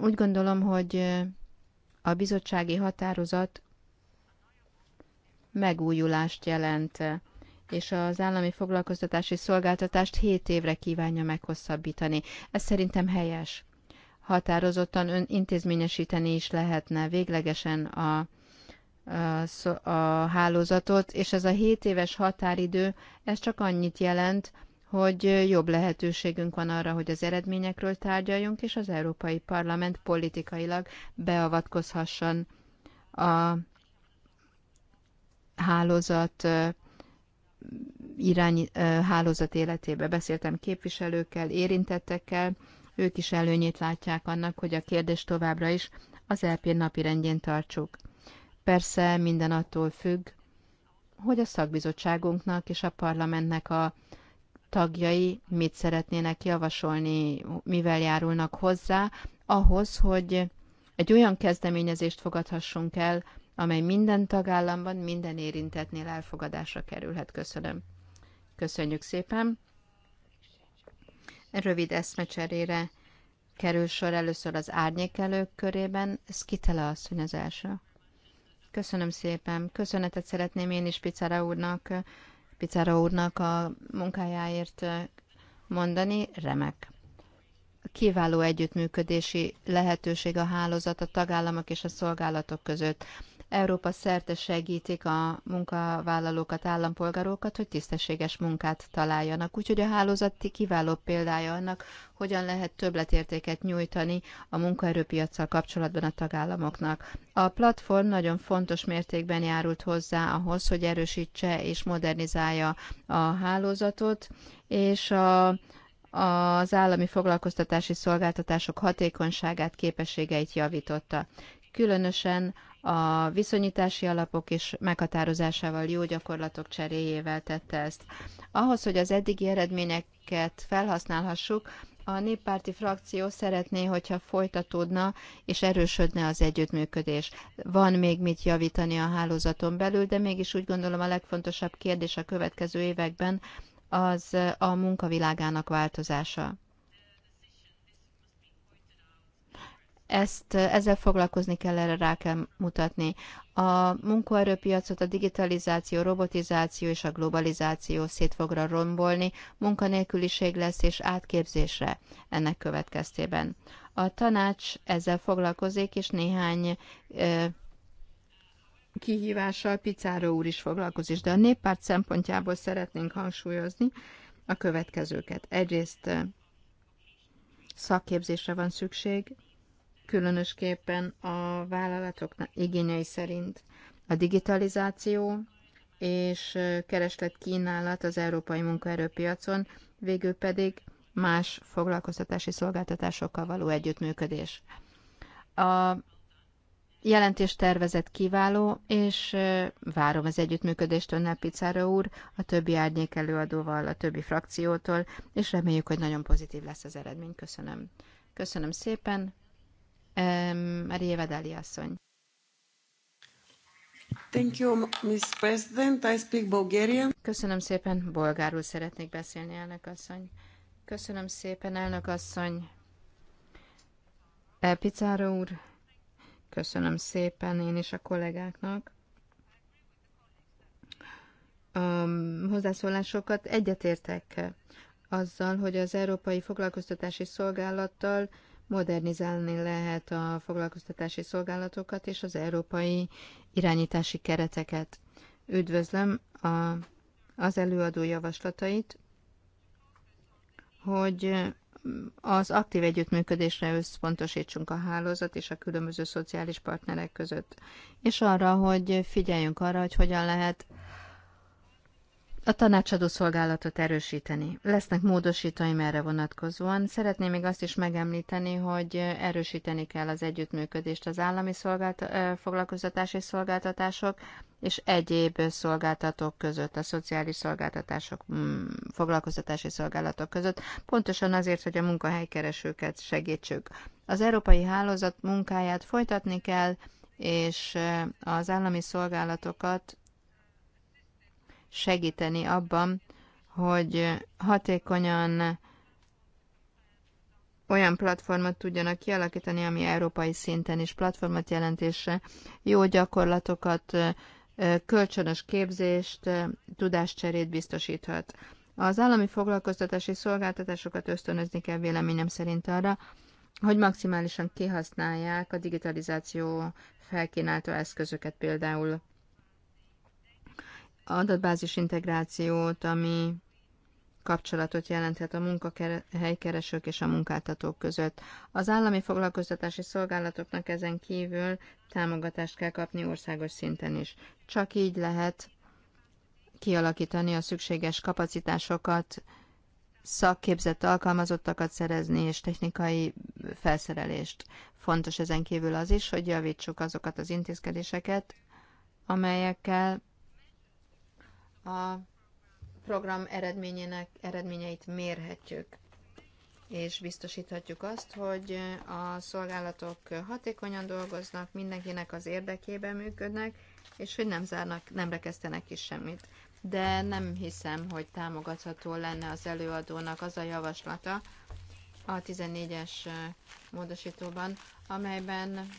Úgy gondolom, hogy a bizottsági határozat megújulást jelent és az állami foglalkoztatási szolgáltatást 7 évre kívánja meghosszabbítani. Ez szerintem helyes. Határozottan ön intézményesíteni is lehetne véglegesen a, a, a hálózatot, és ez a 7 éves határidő, ez csak annyit jelent, hogy jobb lehetőségünk van arra, hogy az eredményekről tárgyaljunk, és az Európai Parlament politikailag beavatkozhasson a hálózat irány, hálózat életébe. Beszéltem képviselőkkel, érintettekkel, ők is előnyét látják annak, hogy a kérdést továbbra is az LP e napi rendjén tartsuk. Persze minden attól függ, hogy a szakbizottságunknak és a parlamentnek a tagjai mit szeretnének javasolni, mivel járulnak hozzá, ahhoz, hogy egy olyan kezdeményezést fogadhassunk el, amely minden tagállamban, minden érintetnél elfogadásra kerülhet. Köszönöm. Köszönjük szépen. Rövid eszmecserére kerül sor először az árnyékelők körében. Skitele asszony az első. Köszönöm szépen. Köszönetet szeretném én is Picara úrnak, Picara úrnak a munkájáért mondani. Remek. Kiváló együttműködési lehetőség a hálózat a tagállamok és a szolgálatok között. Európa szerte segítik a munkavállalókat, állampolgárokat, hogy tisztességes munkát találjanak. Úgyhogy a hálózat kiváló példája annak, hogyan lehet többletértéket nyújtani a munkaerőpiacsal kapcsolatban a tagállamoknak. A platform nagyon fontos mértékben járult hozzá ahhoz, hogy erősítse és modernizálja a hálózatot, és a, az állami foglalkoztatási szolgáltatások hatékonyságát, képességeit javította. Különösen a viszonyítási alapok és meghatározásával, jó gyakorlatok cseréjével tette ezt. Ahhoz, hogy az eddigi eredményeket felhasználhassuk, a néppárti frakció szeretné, hogyha folytatódna és erősödne az együttműködés. Van még mit javítani a hálózaton belül, de mégis úgy gondolom a legfontosabb kérdés a következő években az a munkavilágának változása. ezt, ezzel foglalkozni kell, erre rá kell mutatni. A munkaerőpiacot a digitalizáció, robotizáció és a globalizáció szét fogra rombolni, munkanélküliség lesz és átképzésre ennek következtében. A tanács ezzel foglalkozik, és néhány e, kihívással Picáró úr is foglalkozik, de a néppárt szempontjából szeretnénk hangsúlyozni a következőket. Egyrészt szakképzésre van szükség, különösképpen a vállalatok igényei szerint. A digitalizáció és kereslet kínálat az európai munkaerőpiacon, végül pedig más foglalkoztatási szolgáltatásokkal való együttműködés. A jelentés tervezett kiváló, és várom az együttműködést önnel, Picára úr, a többi árnyék előadóval, a többi frakciótól, és reméljük, hogy nagyon pozitív lesz az eredmény. Köszönöm. Köszönöm szépen. Maria Vedeli asszony. Thank you, Ms. President. I speak Bulgarian. Köszönöm szépen, bolgárul szeretnék beszélni, elnök asszony. Köszönöm szépen, elnök asszony. Picára úr, köszönöm szépen én is a kollégáknak. A hozzászólásokat egyetértek azzal, hogy az Európai Foglalkoztatási Szolgálattal modernizálni lehet a foglalkoztatási szolgálatokat és az európai irányítási kereteket. Üdvözlöm a, az előadó javaslatait, hogy az aktív együttműködésre összpontosítsunk a hálózat és a különböző szociális partnerek között, és arra, hogy figyeljünk arra, hogy hogyan lehet a tanácsadó szolgálatot erősíteni. Lesznek módosítóim erre vonatkozóan. Szeretném még azt is megemlíteni, hogy erősíteni kell az együttműködést az állami szolgált, foglalkoztatási szolgáltatások és egyéb szolgáltatók között, a szociális szolgáltatások, mm, foglalkoztatási szolgálatok között, pontosan azért, hogy a munkahelykeresőket segítsük. Az európai hálózat munkáját folytatni kell, és az állami szolgálatokat segíteni abban, hogy hatékonyan olyan platformot tudjanak kialakítani, ami európai szinten is platformot jelentése jó gyakorlatokat, kölcsönös képzést, tudáscserét biztosíthat. Az állami foglalkoztatási szolgáltatásokat ösztönözni kell véleményem szerint arra, hogy maximálisan kihasználják a digitalizáció felkínálta eszközöket, például adatbázis integrációt, ami kapcsolatot jelenthet a munkahelykeresők és a munkáltatók között. Az állami foglalkoztatási szolgálatoknak ezen kívül támogatást kell kapni országos szinten is. Csak így lehet kialakítani a szükséges kapacitásokat, szakképzett alkalmazottakat szerezni és technikai felszerelést. Fontos ezen kívül az is, hogy javítsuk azokat az intézkedéseket, amelyekkel a program eredményének, eredményeit mérhetjük, és biztosíthatjuk azt, hogy a szolgálatok hatékonyan dolgoznak, mindenkinek az érdekében működnek, és hogy nem zárnak, nem rekesztenek is semmit. De nem hiszem, hogy támogatható lenne az előadónak az a javaslata a 14-es módosítóban, amelyben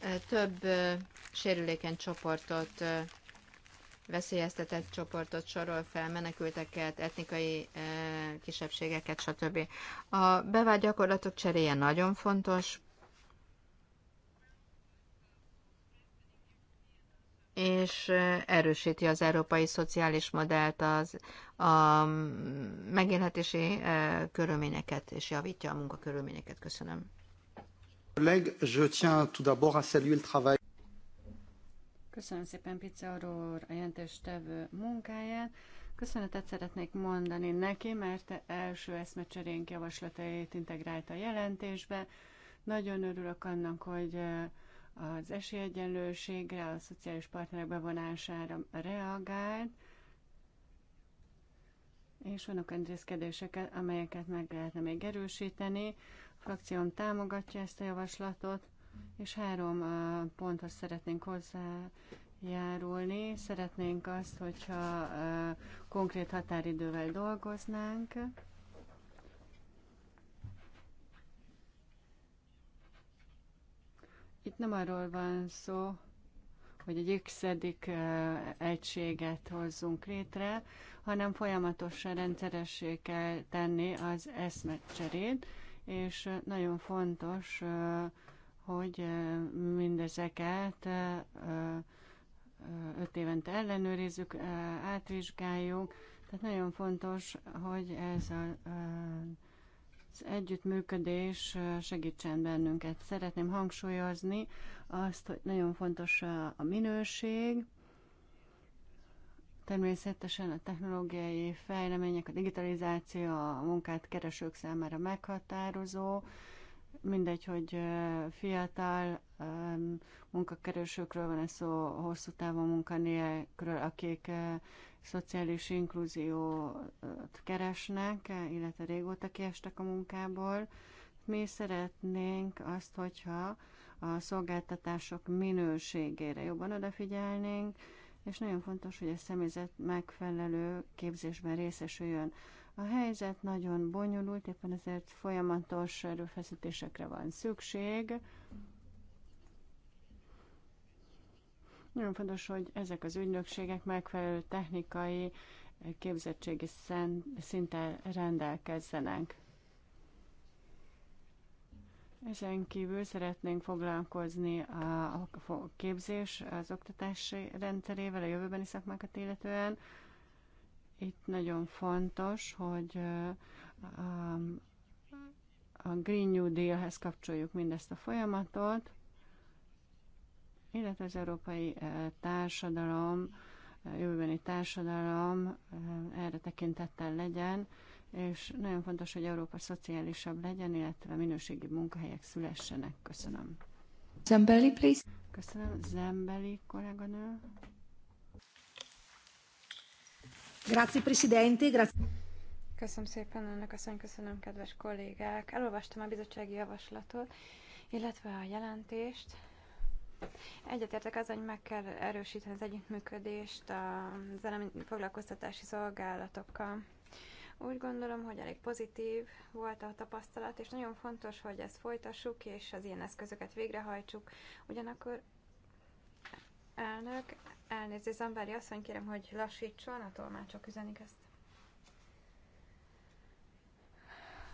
eh, több eh, sérülékeny csoportot eh, veszélyeztetett csoportot sorol fel, menekülteket, etnikai eh, kisebbségeket, stb. A bevált gyakorlatok cseréje nagyon fontos, és eh, erősíti az európai szociális modellt, az, a mm, megélhetési eh, körülményeket, és javítja a munkakörülményeket. Köszönöm. je tiens tout d'abord à saluer le travail. Köszönöm szépen Aurora a tevő munkáját. Köszönetet szeretnék mondani neki, mert első eszmecserénk javaslatait integrált a jelentésbe. Nagyon örülök annak, hogy eh, az esélyegyenlőségre, a szociális partnerek bevonására reagált, és vannak intézkedések, amelyeket meg lehetne még erősíteni. A frakcióm támogatja ezt a javaslatot, és három ponthoz szeretnénk hozzájárulni. Szeretnénk azt, hogyha konkrét határidővel dolgoznánk. Itt nem arról van szó, hogy egy x egységet hozzunk létre, hanem folyamatosan rendszeressé kell tenni az eszmecserét, és nagyon fontos hogy mindezeket öt évente ellenőrizzük, átvizsgáljuk. Tehát nagyon fontos, hogy ez a, az együttműködés segítsen bennünket. Szeretném hangsúlyozni azt, hogy nagyon fontos a minőség, Természetesen a technológiai fejlemények, a digitalizáció a munkát keresők számára meghatározó, mindegy, hogy fiatal munkakerősökről van ez szó, hosszú távon munkanélkülről, akik szociális inkluziót keresnek, illetve régóta kiestek a munkából. Mi szeretnénk azt, hogyha a szolgáltatások minőségére jobban odafigyelnénk, és nagyon fontos, hogy a személyzet megfelelő képzésben részesüljön. A helyzet nagyon bonyolult, éppen ezért folyamatos erőfeszítésekre van szükség. Nagyon fontos, hogy ezek az ügynökségek megfelelő technikai képzettségi szinten rendelkezzenek. Ezen kívül szeretnénk foglalkozni a képzés, az oktatási rendszerével, a jövőbeni szakmákat illetően, itt nagyon fontos, hogy a Green New Dealhez kapcsoljuk mindezt a folyamatot, illetve az európai társadalom, jövőbeni társadalom erre tekintettel legyen, és nagyon fontos, hogy Európa szociálisabb legyen, illetve minőségi munkahelyek szülessenek. Köszönöm. Zembeli, please. Köszönöm. Zembeli kolléganő. Grazie, Presidente. Grazie. Köszönöm szépen, önnek asszony, köszönöm, kedves kollégák. Elolvastam a bizottsági javaslatot, illetve a jelentést. Egyetértek az, hogy meg kell erősíteni az együttműködést az elemi foglalkoztatási szolgálatokkal. Úgy gondolom, hogy elég pozitív volt a tapasztalat, és nagyon fontos, hogy ezt folytassuk, és az ilyen eszközöket végrehajtsuk. Ugyanakkor elnök, Elnézést, Zambári asszony, kérem, hogy lassítson, a tolmácsok üzenik ezt.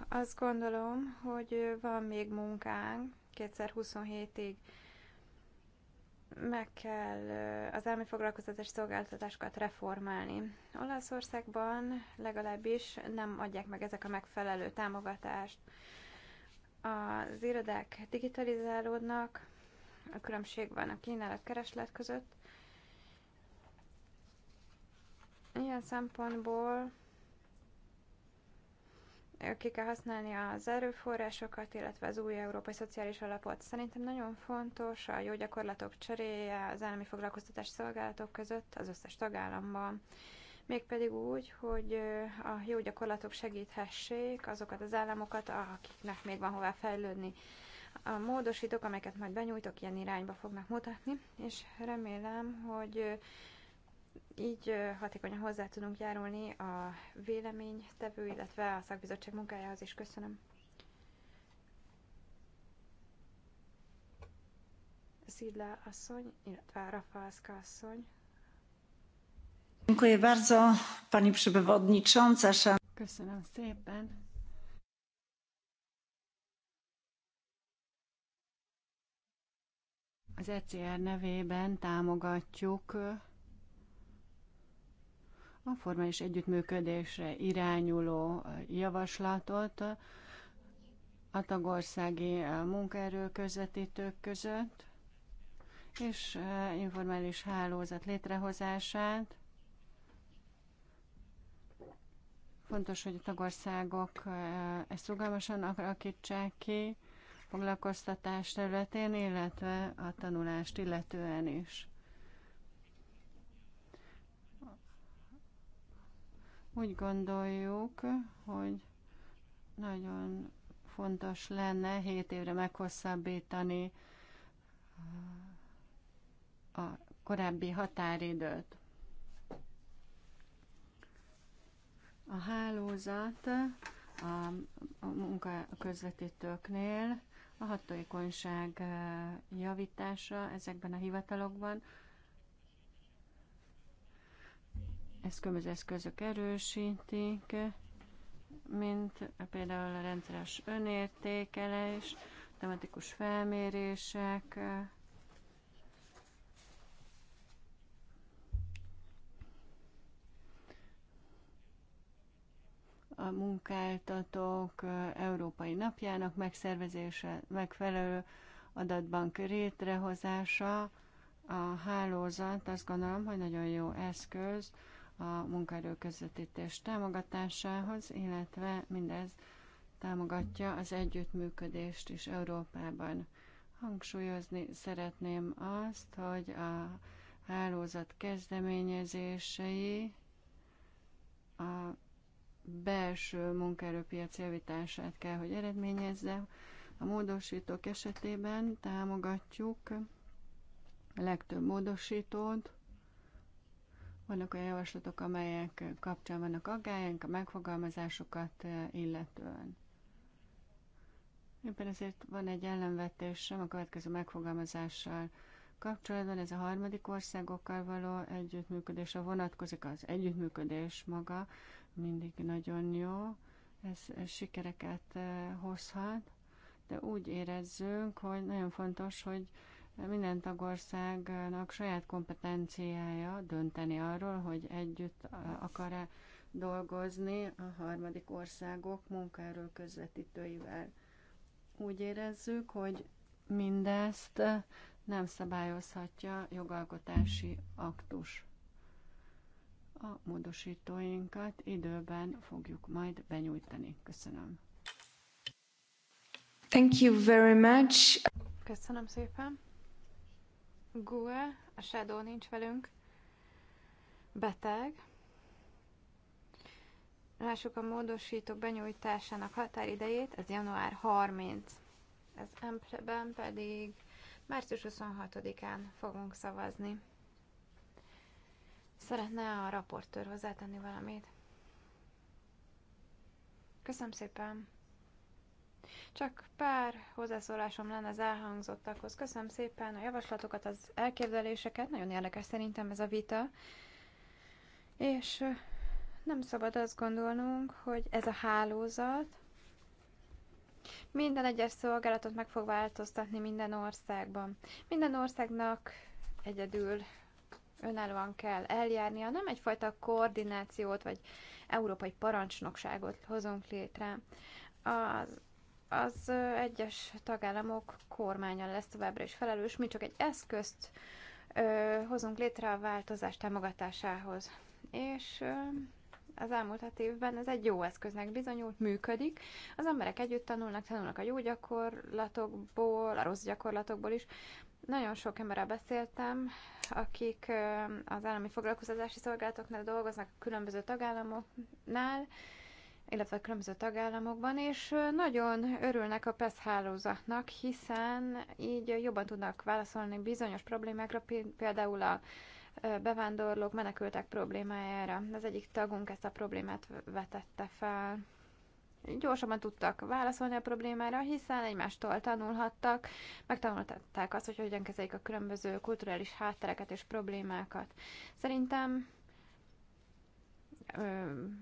Azt gondolom, hogy van még munkánk 2027-ig. Meg kell az állami foglalkoztatási szolgáltatásokat reformálni. Olaszországban legalábbis nem adják meg ezek a megfelelő támogatást. Az irodák digitalizálódnak, a különbség van a kínálat-kereslet között, Ilyen szempontból ki kell használni az erőforrásokat, illetve az új európai szociális alapot. Szerintem nagyon fontos a jó gyakorlatok cseréje az állami foglalkoztatási szolgálatok között az összes tagállamban. Mégpedig úgy, hogy a jó gyakorlatok segíthessék azokat az államokat, akiknek még van hová fejlődni. A módosítók, amelyeket majd benyújtok, ilyen irányba fognak mutatni, és remélem, hogy így hatékonyan hozzá tudunk járulni a véleménytevő, illetve a szakbizottság munkájához is. Köszönöm. Szidla asszony, illetve Rafalszka asszony. Dziękuję bardzo, pani przewodnicząca. Köszönöm szépen. Az ECR nevében támogatjuk a formális együttműködésre irányuló javaslatot a tagországi munkaerő közvetítők között, és informális hálózat létrehozását. Fontos, hogy a tagországok ezt rugalmasan alakítsák ki, foglalkoztatás területén, illetve a tanulást illetően is. Úgy gondoljuk, hogy nagyon fontos lenne 7 évre meghosszabbítani uh, a korábbi határidőt. A hálózat a, a munkaközvetítőknél a hatóikonság uh, javítása ezekben a hivatalokban ezt eszközök erősítik, mint például a rendszeres önértékelés, tematikus felmérések, a munkáltatók Európai Napjának megszervezése, megfelelő adatbank létrehozása, a hálózat azt gondolom, hogy nagyon jó eszköz a munkaerő közvetítés támogatásához, illetve mindez támogatja az együttműködést is Európában. Hangsúlyozni szeretném azt, hogy a hálózat kezdeményezései a belső munkaerőpiac javítását kell, hogy eredményezze. A módosítók esetében támogatjuk a legtöbb módosítót, vannak olyan javaslatok, amelyek kapcsán vannak aggályánk, a megfogalmazásokat eh, illetően. Éppen ezért van egy ellenvetésem a következő megfogalmazással kapcsolatban, ez a harmadik országokkal való a vonatkozik, az együttműködés maga mindig nagyon jó, ez, ez sikereket eh, hozhat, de úgy érezzünk, hogy nagyon fontos, hogy minden tagországnak saját kompetenciája dönteni arról, hogy együtt akar-e dolgozni a harmadik országok munkáról közvetítőivel. Úgy érezzük, hogy mindezt nem szabályozhatja jogalkotási aktus. A módosítóinkat időben fogjuk majd benyújtani. Köszönöm. Thank you very much. Köszönöm szépen. Gue, a Shadow nincs velünk, beteg. Lássuk a módosítók benyújtásának határidejét, ez január 30. Ez Empleben pedig március 26-án fogunk szavazni. Szeretne a raportőr hozzátenni valamit? Köszönöm szépen! Csak pár hozzászólásom lenne az elhangzottakhoz. Köszönöm szépen a javaslatokat, az elképzeléseket. Nagyon érdekes szerintem ez a vita. És nem szabad azt gondolnunk, hogy ez a hálózat minden egyes szolgálatot meg fog változtatni minden országban. Minden országnak egyedül önállóan kell eljárnia, nem egyfajta koordinációt vagy európai parancsnokságot hozunk létre. Az az egyes tagállamok kormánya lesz továbbra is felelős, mi csak egy eszközt ö, hozunk létre a változás támogatásához. És ö, az elmúlt hat évben ez egy jó eszköznek bizonyult, működik. Az emberek együtt tanulnak, tanulnak a jó gyakorlatokból, a rossz gyakorlatokból is. Nagyon sok emberrel beszéltem, akik az állami foglalkozási szolgálatoknál dolgoznak, a különböző tagállamoknál, illetve a különböző tagállamokban, és nagyon örülnek a PESZ hálózatnak, hiszen így jobban tudnak válaszolni bizonyos problémákra, például a bevándorlók, menekültek problémájára. Az egyik tagunk ezt a problémát vetette fel. Gyorsabban tudtak válaszolni a problémára, hiszen egymástól tanulhattak, megtanulták azt, hogy hogyan kezelik a különböző kulturális háttereket és problémákat. Szerintem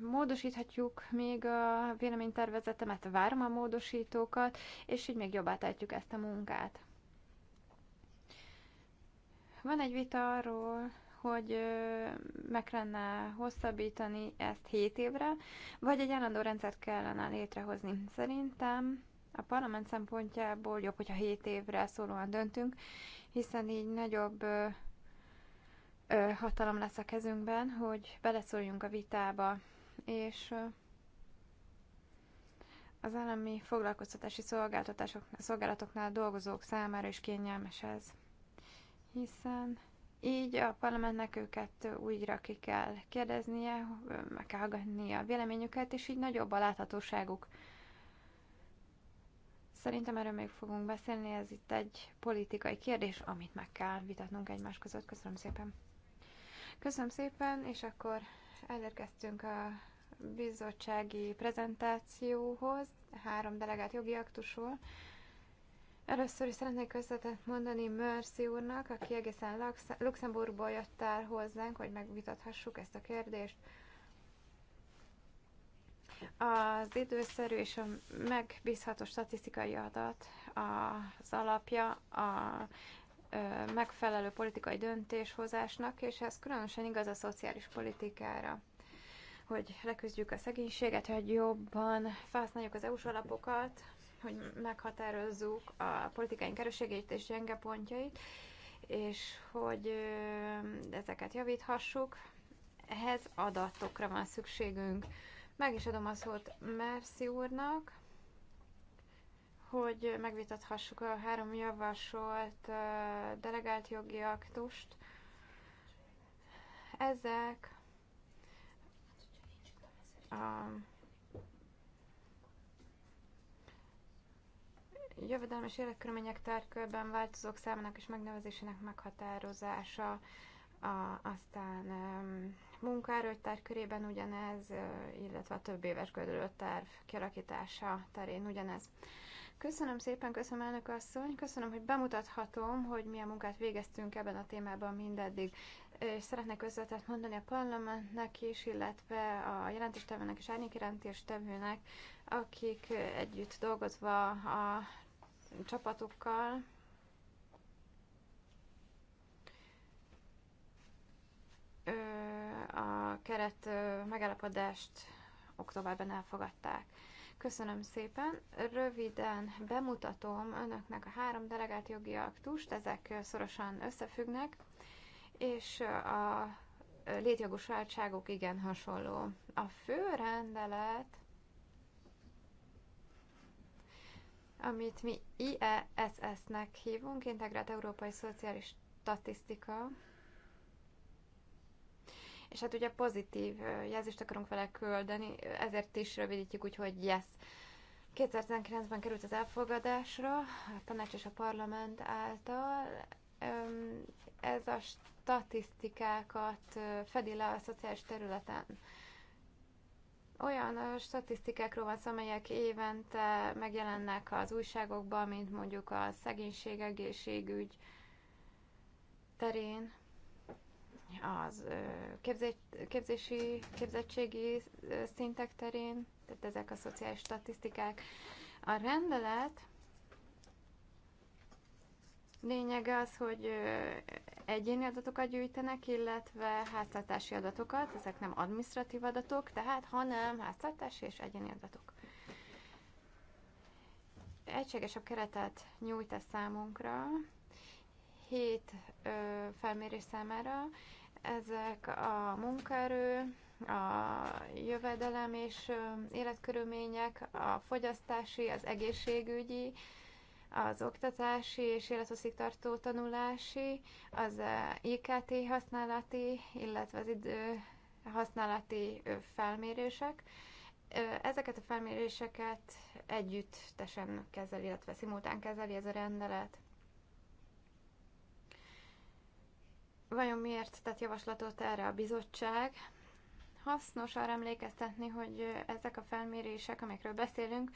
módosíthatjuk még a véleménytervezetemet, várom a módosítókat, és így még jobbá tehetjük ezt a munkát. Van egy vita arról, hogy meg lenne hosszabbítani ezt 7 évre, vagy egy állandó rendszert kellene létrehozni. Szerintem a parlament szempontjából jobb, hogyha 7 évre szólóan döntünk, hiszen így nagyobb hatalom lesz a kezünkben, hogy beleszóljunk a vitába, és az állami foglalkoztatási szolgáltatások, szolgálatoknál dolgozók számára is kényelmes ez. Hiszen így a parlamentnek őket újra ki kell kérdeznie, meg kell a véleményüket, és így nagyobb a láthatóságuk. Szerintem erről még fogunk beszélni, ez itt egy politikai kérdés, amit meg kell vitatnunk egymás között. Köszönöm szépen! Köszönöm szépen, és akkor elérkeztünk a bizottsági prezentációhoz, három delegált jogi aktusról. Először is szeretnék összetett mondani Mercy úrnak, aki egészen Luxemburgból jött el hozzánk, hogy megvitathassuk ezt a kérdést. Az időszerű és a megbízható statisztikai adat az alapja a megfelelő politikai döntéshozásnak, és ez különösen igaz a szociális politikára hogy leküzdjük a szegénységet, hogy jobban felhasználjuk az EU-s alapokat, hogy meghatározzuk a politikai erősségét és gyenge pontjait, és hogy ezeket javíthassuk. Ehhez adatokra van szükségünk. Meg is adom a szót Merci úrnak hogy megvitathassuk a három javasolt delegált jogi aktust. Ezek a jövedelmi és életkörülmények tárkörben változók számának és megnevezésének meghatározása, a, aztán munkáról munkaerőtár körében ugyanez, illetve a több éves terv kialakítása terén ugyanez. Köszönöm szépen, köszönöm elnök asszony, köszönöm, hogy bemutathatom, hogy milyen munkát végeztünk ebben a témában mindeddig. És szeretnék közvetet mondani a parlamentnek is, illetve a jelentéstevőnek és árnyék jelentéstevőnek, akik együtt dolgozva a csapatokkal a keret megállapodást októberben elfogadták. Köszönöm szépen. Röviden bemutatom önöknek a három delegált jogi aktust, ezek szorosan összefüggnek, és a létjogosultságok igen hasonló. A főrendelet, amit mi IESS-nek hívunk, Integrált Európai Szociális Statisztika, és hát ugye pozitív jelzést akarunk vele küldeni, ezért is rövidítjük úgy, hogy yes. 2019-ben került az elfogadásra, a tanács és a parlament által. Ez a statisztikákat fedi le a szociális területen. Olyan statisztikákról van szó, amelyek évente megjelennek az újságokban, mint mondjuk a szegénység, egészségügy terén az képzés, képzési, képzettségi szintek terén, tehát ezek a szociális statisztikák. A rendelet lényege az, hogy egyéni adatokat gyűjtenek, illetve háztartási adatokat, ezek nem administratív adatok, tehát hanem háztartási és egyéni adatok. Egységesebb keretet nyújt ez számunkra, hét ö, felmérés számára, ezek a munkaerő, a jövedelem és életkörülmények, a fogyasztási, az egészségügyi, az oktatási és élethosszígtartó tanulási, az IKT használati, illetve az idő használati felmérések. Ezeket a felméréseket együttesen kezeli, illetve szimultán kezeli ez a rendelet. Vajon miért tett javaslatot erre a bizottság? Hasznos arra emlékeztetni, hogy ezek a felmérések, amikről beszélünk,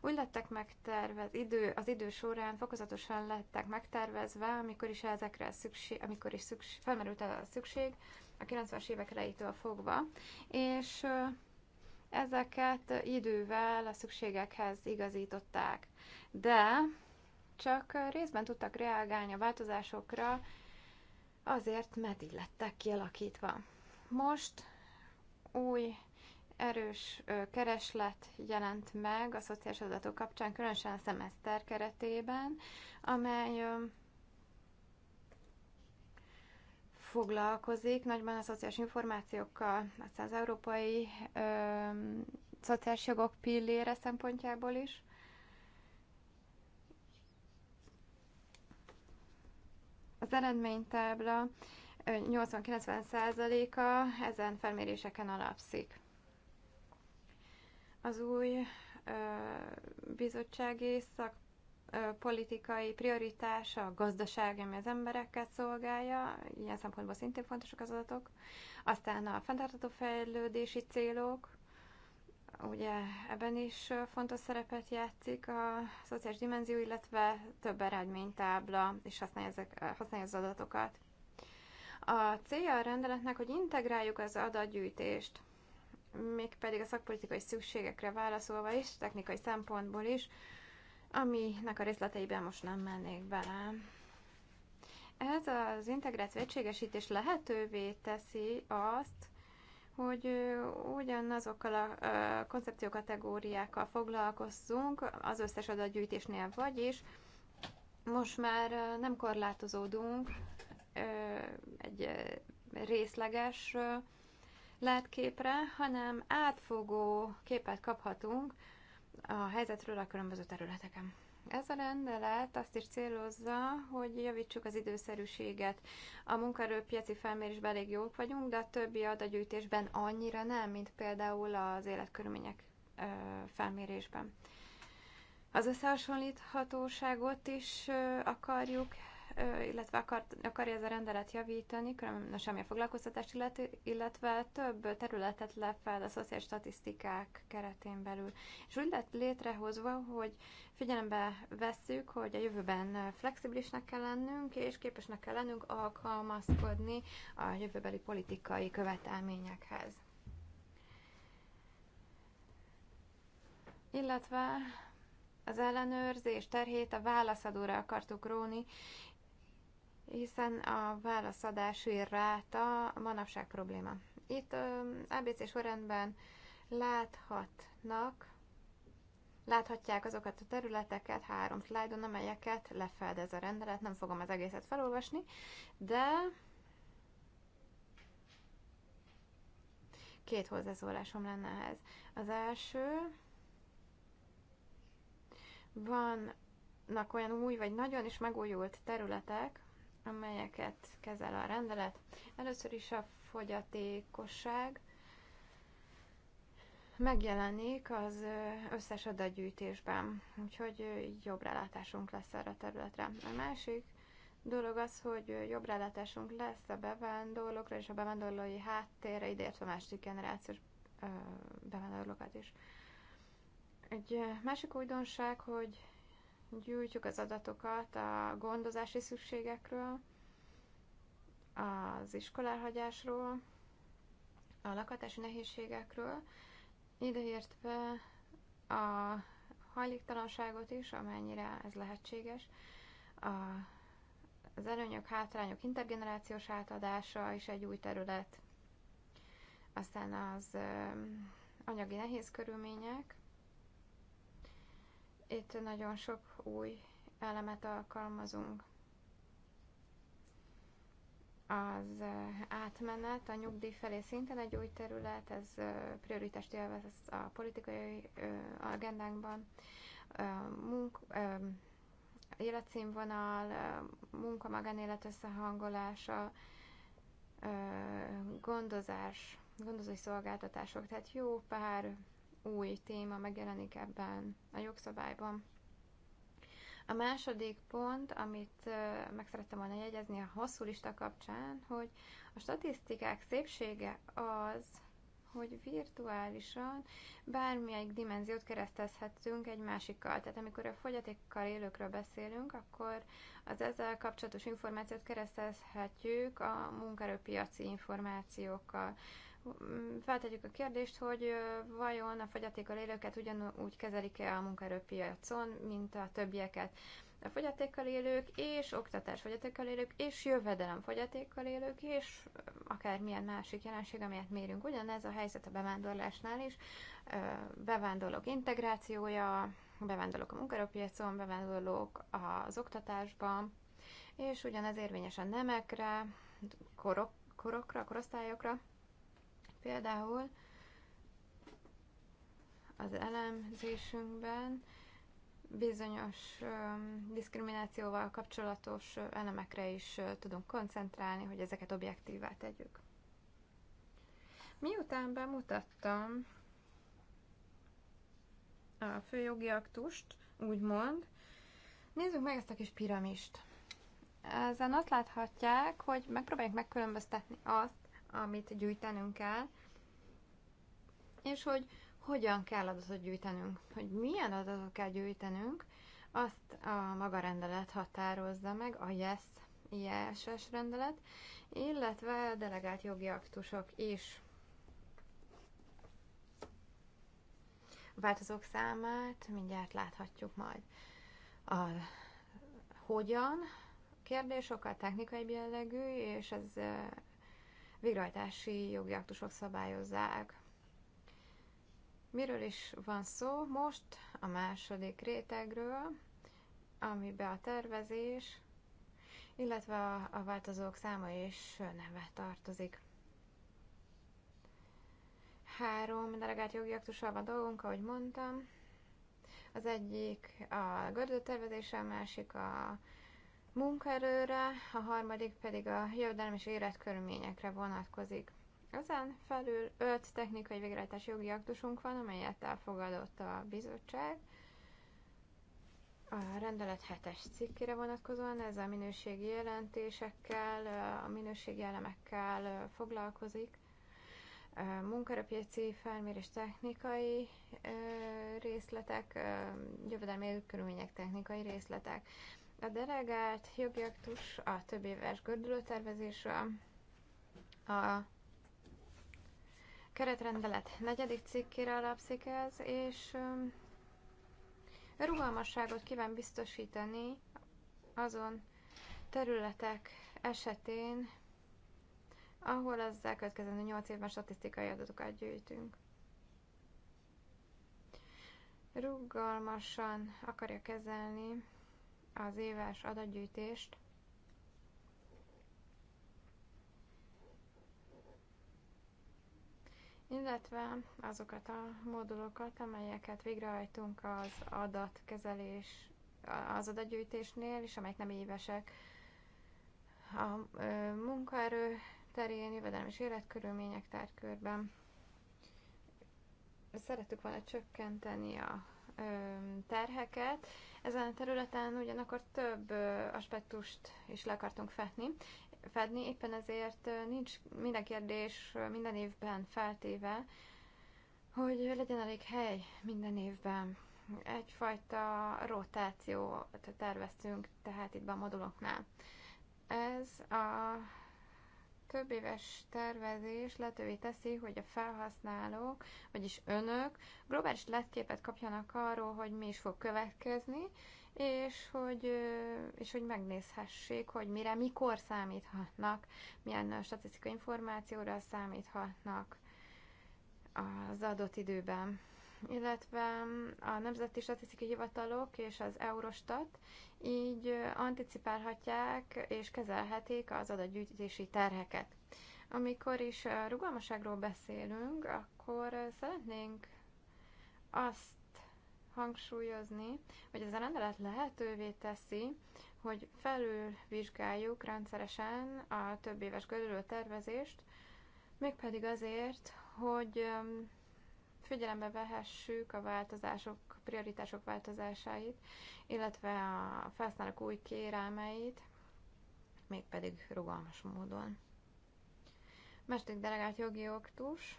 úgy lettek megtervez, idő, az idő során fokozatosan lettek megtervezve, amikor is ezekre szükség, amikor is szükség, felmerült a szükség, a 90 as évek elejétől fogva, és ezeket idővel a szükségekhez igazították. De csak részben tudtak reagálni a változásokra, Azért, mert így lettek kialakítva. Most új erős kereslet jelent meg a szociális adatok kapcsán, különösen a szemeszter keretében, amely foglalkozik nagyban a szociális információkkal, aztán az európai ö, szociális jogok pillére szempontjából is. Az eredménytábla 80-90%-a ezen felméréseken alapszik. Az új bizottsági szak politikai prioritása, a gazdaság, ami az embereket szolgálja, ilyen szempontból szintén fontosak az adatok, aztán a fenntartható fejlődési célok, ugye ebben is fontos szerepet játszik a szociális dimenzió, illetve több eredménytábla, és használja, ezek, használja az adatokat. A célja a rendeletnek, hogy integráljuk az adatgyűjtést, mégpedig a szakpolitikai szükségekre válaszolva is, technikai szempontból is, aminek a részleteiben most nem mennék bele. Ez az integrált egységesítés lehetővé teszi azt, hogy ugyanazokkal a koncepciókategóriákkal foglalkozzunk az összes adatgyűjtésnél, vagyis most már nem korlátozódunk egy részleges látképre, hanem átfogó képet kaphatunk a helyzetről a különböző területeken. Ez a rendelet azt is célozza, hogy javítsuk az időszerűséget. A munkaerőpiaci felmérésben elég jók vagyunk, de a többi adagyűjtésben annyira nem, mint például az életkörülmények felmérésben. Az összehasonlíthatóságot is akarjuk illetve akar, akarja ez a rendelet javítani, különösen ami a foglalkoztatás, illeti, illetve több területet lefed a szociális statisztikák keretén belül. És úgy lett létrehozva, hogy figyelembe vesszük, hogy a jövőben flexibilisnek kell lennünk, és képesnek kell lennünk alkalmazkodni a jövőbeli politikai követelményekhez. Illetve az ellenőrzés terhét a válaszadóra akartuk róni, hiszen a válaszadási ráta manapság probléma. Itt ABC sorrendben láthatnak, láthatják azokat a területeket három szlájdon, amelyeket lefed ez a rendelet. Nem fogom az egészet felolvasni, de két hozzászólásom lenne ehhez. Az első, vannak olyan új vagy nagyon is megújult területek, amelyeket kezel a rendelet. Először is a fogyatékosság megjelenik az összes adatgyűjtésben, úgyhogy jobb rálátásunk lesz erre a területre. A másik dolog az, hogy jobb rálátásunk lesz a bevándorlókra és a bevándorlói háttérre, ideértve a másik generációs bevándorlókat is. Egy másik újdonság, hogy gyűjtjük az adatokat a gondozási szükségekről, az iskolárhagyásról, a lakhatási nehézségekről, ideértve a hajléktalanságot is, amennyire ez lehetséges, a, az előnyök, hátrányok intergenerációs átadása is egy új terület, aztán az anyagi nehéz körülmények, itt nagyon sok új elemet alkalmazunk. Az eh, átmenet a nyugdíj felé szinten egy új terület, ez eh, prioritást élvez a politikai eh, agendánkban. Munk, életszínvonal, munka-magánélet összehangolása, gondozás, gondozói szolgáltatások, tehát jó pár új téma megjelenik ebben a jogszabályban. A második pont, amit meg szerettem volna jegyezni a hosszú lista kapcsán, hogy a statisztikák szépsége az, hogy virtuálisan bármelyik dimenziót keresztezhetünk egy másikkal. Tehát amikor a fogyatékkal élőkről beszélünk, akkor az ezzel kapcsolatos információt keresztezhetjük a munkerőpiaci információkkal feltegyük a kérdést, hogy vajon a fogyatékkal élőket ugyanúgy kezelik-e a munkaerőpiacon, mint a többieket. A fogyatékkal élők és oktatás fogyatékkal élők és jövedelem fogyatékkal élők és akármilyen másik jelenség, amelyet mérünk. Ugyanez a helyzet a bevándorlásnál is. Bevándorlók integrációja, bevándorlók a munkaerőpiacon, bevándorlók az oktatásban, és ugyanez érvényes a nemekre, korok, korokra, korosztályokra például az elemzésünkben bizonyos diszkriminációval kapcsolatos elemekre is tudunk koncentrálni, hogy ezeket objektívvá tegyük. Miután bemutattam a főjogi aktust, úgymond, nézzük meg ezt a kis piramist. Ezen azt láthatják, hogy megpróbáljuk megkülönböztetni azt, amit gyűjtenünk kell, és hogy hogyan kell adatot gyűjtenünk, hogy milyen adatot kell gyűjtenünk, azt a maga rendelet határozza meg, a YES, ISS e rendelet, illetve a delegált jogi aktusok is. A változók számát mindjárt láthatjuk majd. A hogyan kérdés sokkal technikai jellegű, és ez végrehajtási jogi aktusok szabályozzák. Miről is van szó most? A második rétegről, amiben a tervezés, illetve a, a változók száma és neve tartozik. Három delegált jogi aktussal van dolgunk, ahogy mondtam. Az egyik a gördőtervezése, a másik a munkaerőre, a harmadik pedig a jövedelem és életkörülményekre vonatkozik. Ezen felül öt technikai végrehajtási jogi aktusunk van, amelyet elfogadott a bizottság. A rendelet 7-es cikkére vonatkozóan ez a minőségi jelentésekkel, a minőségi elemekkel foglalkozik. Munkaerőpiaci felmérés technikai részletek, jövedelmi körülmények technikai részletek. A delegált jogi aktus a több éves gördülőtervezésről, a keretrendelet negyedik cikkére alapszik ez, és rugalmasságot kíván biztosítani azon területek esetén, ahol az elkövetkezendő 8 évben statisztikai adatokat gyűjtünk. Rugalmasan akarja kezelni az éves adatgyűjtést, illetve azokat a modulokat, amelyeket végrehajtunk az adatkezelés, az adatgyűjtésnél, és amelyek nem évesek a munkaerő terén, jövedelmi és életkörülmények tárkörben. Szerettük volna csökkenteni a terheket, ezen a területen ugyanakkor több aspektust is le akartunk fetni, fedni, éppen ezért nincs minden kérdés minden évben feltéve, hogy legyen elég hely minden évben. Egyfajta rotációt terveztünk, tehát itt be a moduloknál. Ez a több éves tervezés lehetővé teszi, hogy a felhasználók, vagyis önök globális letképet kapjanak arról, hogy mi is fog következni, és hogy, és hogy megnézhessék, hogy mire, mikor számíthatnak, milyen statisztikai információra számíthatnak az adott időben illetve a Nemzeti Statisztikai Hivatalok és az Eurostat így anticipálhatják és kezelhetik az adatgyűjtési terheket. Amikor is rugalmaságról beszélünk, akkor szeretnénk azt hangsúlyozni, hogy ez a rendelet lehetővé teszi, hogy felülvizsgáljuk rendszeresen a több éves tervezést, mégpedig azért, hogy um, figyelembe vehessük a változások, prioritások változásait, illetve a felhasználók új kérelmeit, mégpedig rugalmas módon. Második delegált jogi oktus.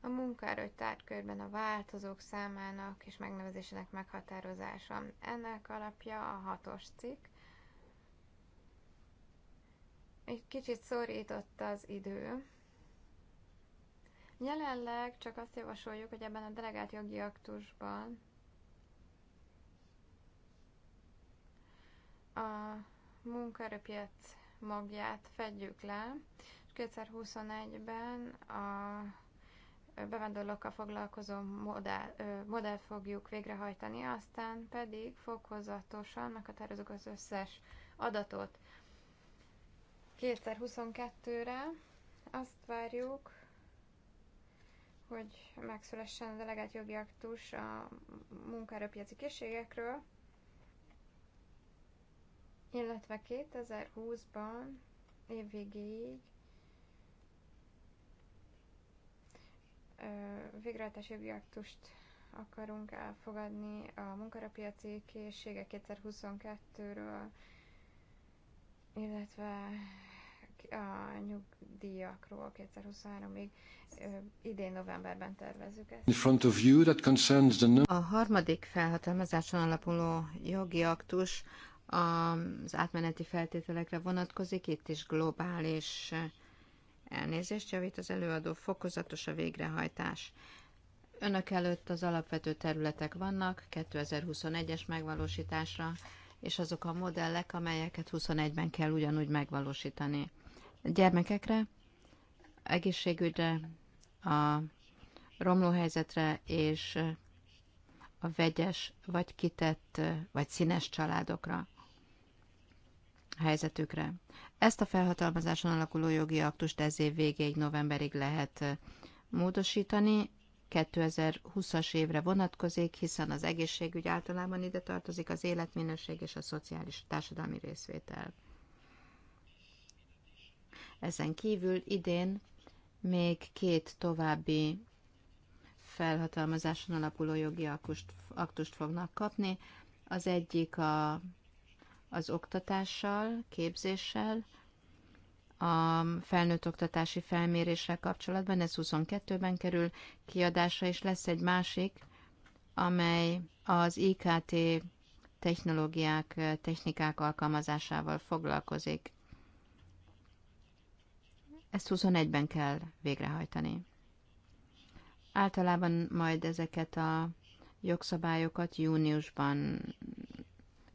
A munkára egy tárgykörben a változók számának és megnevezésének meghatározása. Ennek alapja a hatos cikk, egy kicsit szorított az idő. Jelenleg csak azt javasoljuk, hogy ebben a delegált jogi aktusban a munkaerőpiac magját fedjük le, és 2021-ben a bevándorlókkal foglalkozó modell, modellt fogjuk végrehajtani, aztán pedig fokozatosan meghatározunk az összes adatot. 2022-re azt várjuk, hogy megszülessen a delegált jogi aktus a munkaerőpiaci készségekről, illetve 2020-ban évvégéig végrehajtási jogi aktust akarunk elfogadni a munkarapiaci készségek 2022-ről, illetve a nyugdíjakról 2023-ig idén novemberben tervezzük ezt. In front of you that concerns the... A harmadik felhatalmazáson alapuló jogi aktus az átmeneti feltételekre vonatkozik, itt is globális elnézést javít az előadó, fokozatos a végrehajtás. Önök előtt az alapvető területek vannak 2021-es megvalósításra, és azok a modellek, amelyeket 21-ben kell ugyanúgy megvalósítani gyermekekre, egészségügyre, a romlóhelyzetre és a vegyes, vagy kitett, vagy színes családokra, helyzetükre. Ezt a felhatalmazáson alakuló jogi aktust ez év végéig, novemberig lehet módosítani, 2020-as évre vonatkozik, hiszen az egészségügy általában ide tartozik az életminőség és a szociális társadalmi részvétel. Ezen kívül idén még két további felhatalmazáson alapuló jogi aktust, aktust fognak kapni. Az egyik a, az oktatással, képzéssel, a felnőtt oktatási felméréssel kapcsolatban, ez 22-ben kerül kiadásra, és lesz egy másik, amely az IKT technológiák, technikák alkalmazásával foglalkozik. Ezt 21-ben kell végrehajtani. Általában majd ezeket a jogszabályokat júniusban,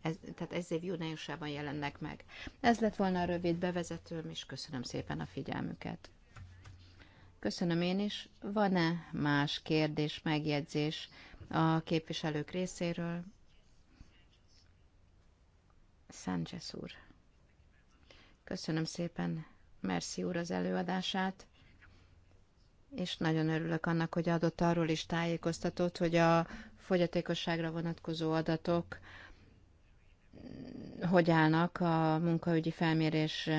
ez, tehát ez év júniusában jelennek meg. Ez lett volna a rövid bevezetőm, és köszönöm szépen a figyelmüket. Köszönöm én is. Van-e más kérdés, megjegyzés a képviselők részéről? Sánchez úr. Köszönöm szépen, Merci úr az előadását, és nagyon örülök annak, hogy adott arról is tájékoztatót, hogy a fogyatékosságra vonatkozó adatok hogy állnak a munkaügyi felmérés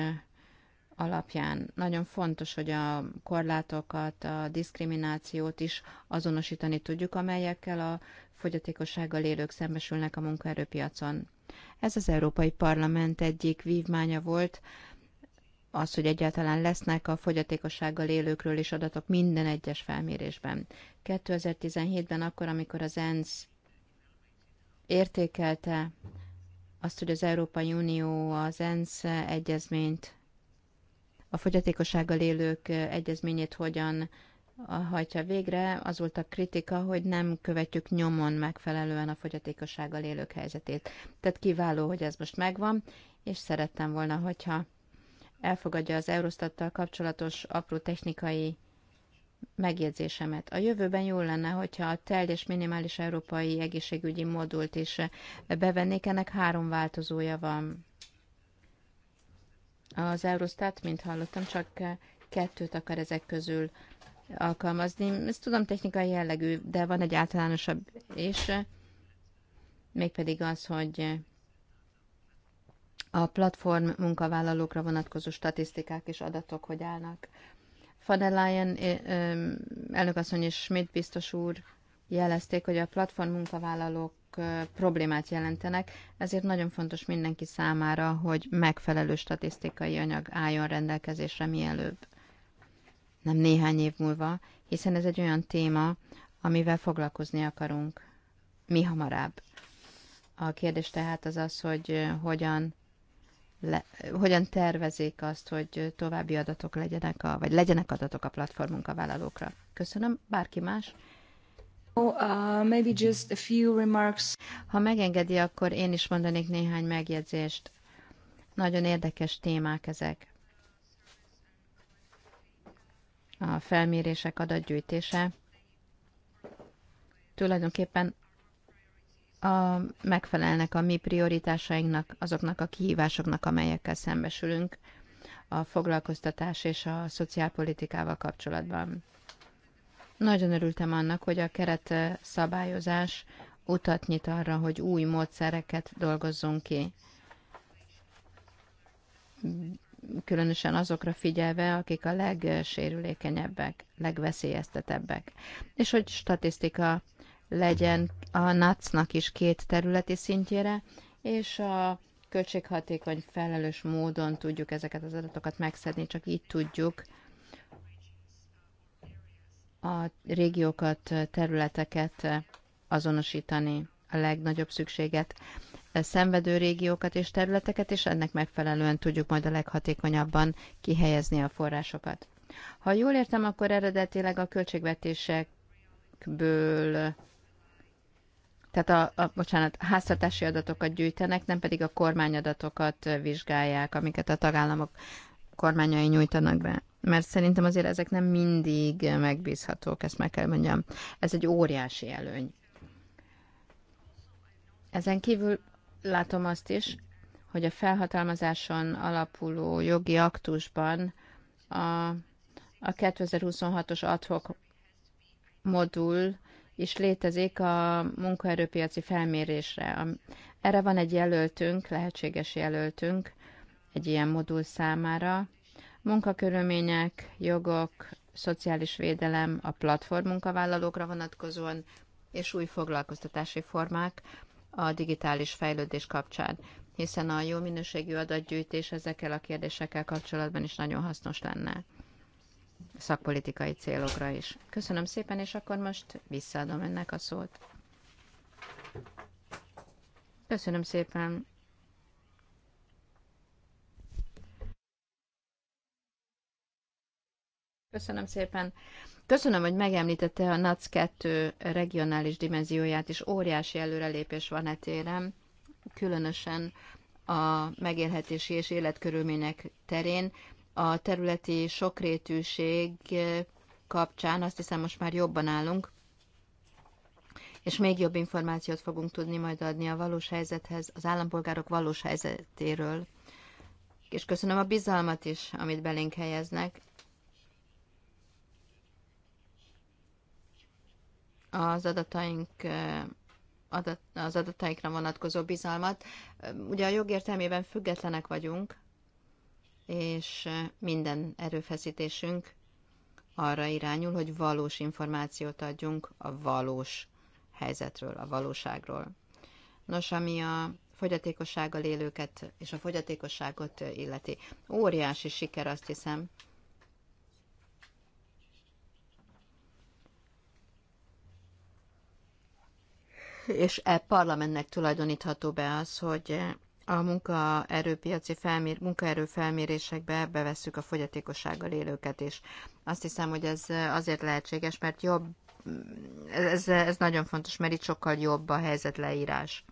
alapján. Nagyon fontos, hogy a korlátokat, a diszkriminációt is azonosítani tudjuk, amelyekkel a fogyatékossággal élők szembesülnek a munkaerőpiacon. Ez az Európai Parlament egyik vívmánya volt, az, hogy egyáltalán lesznek a fogyatékossággal élőkről is adatok minden egyes felmérésben. 2017-ben akkor, amikor az ENSZ értékelte azt, hogy az Európai Unió az ENSZ egyezményt, a fogyatékossággal élők egyezményét hogyan hajtja végre, az volt a kritika, hogy nem követjük nyomon megfelelően a fogyatékossággal élők helyzetét. Tehát kiváló, hogy ez most megvan, és szerettem volna, hogyha elfogadja az Eurostattal kapcsolatos apró technikai megjegyzésemet. A jövőben jó lenne, hogyha a TEL és minimális európai egészségügyi modult is bevennék, ennek három változója van. Az Eurostat, mint hallottam, csak kettőt akar ezek közül alkalmazni. Ezt tudom technikai jellegű, de van egy általánosabb, és mégpedig az, hogy a platform munkavállalókra vonatkozó statisztikák és adatok hogy állnak. Fadelájen elnökasszony és Schmidt biztos úr jelezték, hogy a platform munkavállalók problémát jelentenek, ezért nagyon fontos mindenki számára, hogy megfelelő statisztikai anyag álljon rendelkezésre mielőbb. Nem néhány év múlva, hiszen ez egy olyan téma, amivel foglalkozni akarunk mi hamarabb. A kérdés tehát az az, hogy hogyan le, hogyan tervezik azt, hogy további adatok legyenek, a, vagy legyenek adatok a platformunk a vállalókra. Köszönöm. Bárki más? Oh, uh, maybe just a few remarks. Ha megengedi, akkor én is mondanék néhány megjegyzést. Nagyon érdekes témák ezek. A felmérések adatgyűjtése tulajdonképpen a, megfelelnek a mi prioritásainknak, azoknak a kihívásoknak, amelyekkel szembesülünk a foglalkoztatás és a szociálpolitikával kapcsolatban. Nagyon örültem annak, hogy a keret eh, szabályozás utat nyit arra, hogy új módszereket dolgozzunk ki. Különösen azokra figyelve, akik a legsérülékenyebbek, legveszélyeztetebbek. És hogy statisztika legyen a NAC-nak is két területi szintjére, és a költséghatékony, felelős módon tudjuk ezeket az adatokat megszedni, csak így tudjuk a régiókat, területeket azonosítani, a legnagyobb szükséget szenvedő régiókat és területeket, és ennek megfelelően tudjuk majd a leghatékonyabban kihelyezni a forrásokat. Ha jól értem, akkor eredetileg a költségvetésekből tehát a, a bocsánat, háztartási adatokat gyűjtenek, nem pedig a kormányadatokat vizsgálják, amiket a tagállamok kormányai nyújtanak be. Mert szerintem azért ezek nem mindig megbízhatók, ezt meg kell mondjam. Ez egy óriási előny. Ezen kívül látom azt is, hogy a felhatalmazáson alapuló jogi aktusban a, a 2026-os adhok modul is létezik a munkaerőpiaci felmérésre. Erre van egy jelöltünk, lehetséges jelöltünk egy ilyen modul számára. Munkakörülmények, jogok, szociális védelem a platform munkavállalókra vonatkozóan, és új foglalkoztatási formák a digitális fejlődés kapcsán, hiszen a jó minőségű adatgyűjtés ezekkel a kérdésekkel kapcsolatban is nagyon hasznos lenne szakpolitikai célokra is. Köszönöm szépen, és akkor most visszaadom önnek a szót. Köszönöm szépen. Köszönöm szépen. Köszönöm, hogy megemlítette a NAC 2 regionális dimenzióját, és óriási előrelépés van e téren, különösen a megélhetési és életkörülmények terén, a területi sokrétűség kapcsán azt hiszem most már jobban állunk, és még jobb információt fogunk tudni majd adni a valós helyzethez, az állampolgárok valós helyzetéről. És köszönöm a bizalmat is, amit belénk helyeznek. Az adataink adat, az adataikra vonatkozó bizalmat. Ugye a jogértelmében függetlenek vagyunk, és eh, minden erőfeszítésünk arra irányul, hogy valós információt adjunk a valós helyzetről, a valóságról. Nos, ami a fogyatékossággal élőket és a fogyatékosságot eh, illeti. Óriási siker, azt hiszem. És e parlamentnek tulajdonítható be az, hogy eh, a munkaerőpiaci felmér, munkaerő felmérésekbe bevesszük a fogyatékossággal élőket is. Azt hiszem, hogy ez azért lehetséges, mert jobb, ez, ez nagyon fontos, mert itt sokkal jobb a helyzet leírás.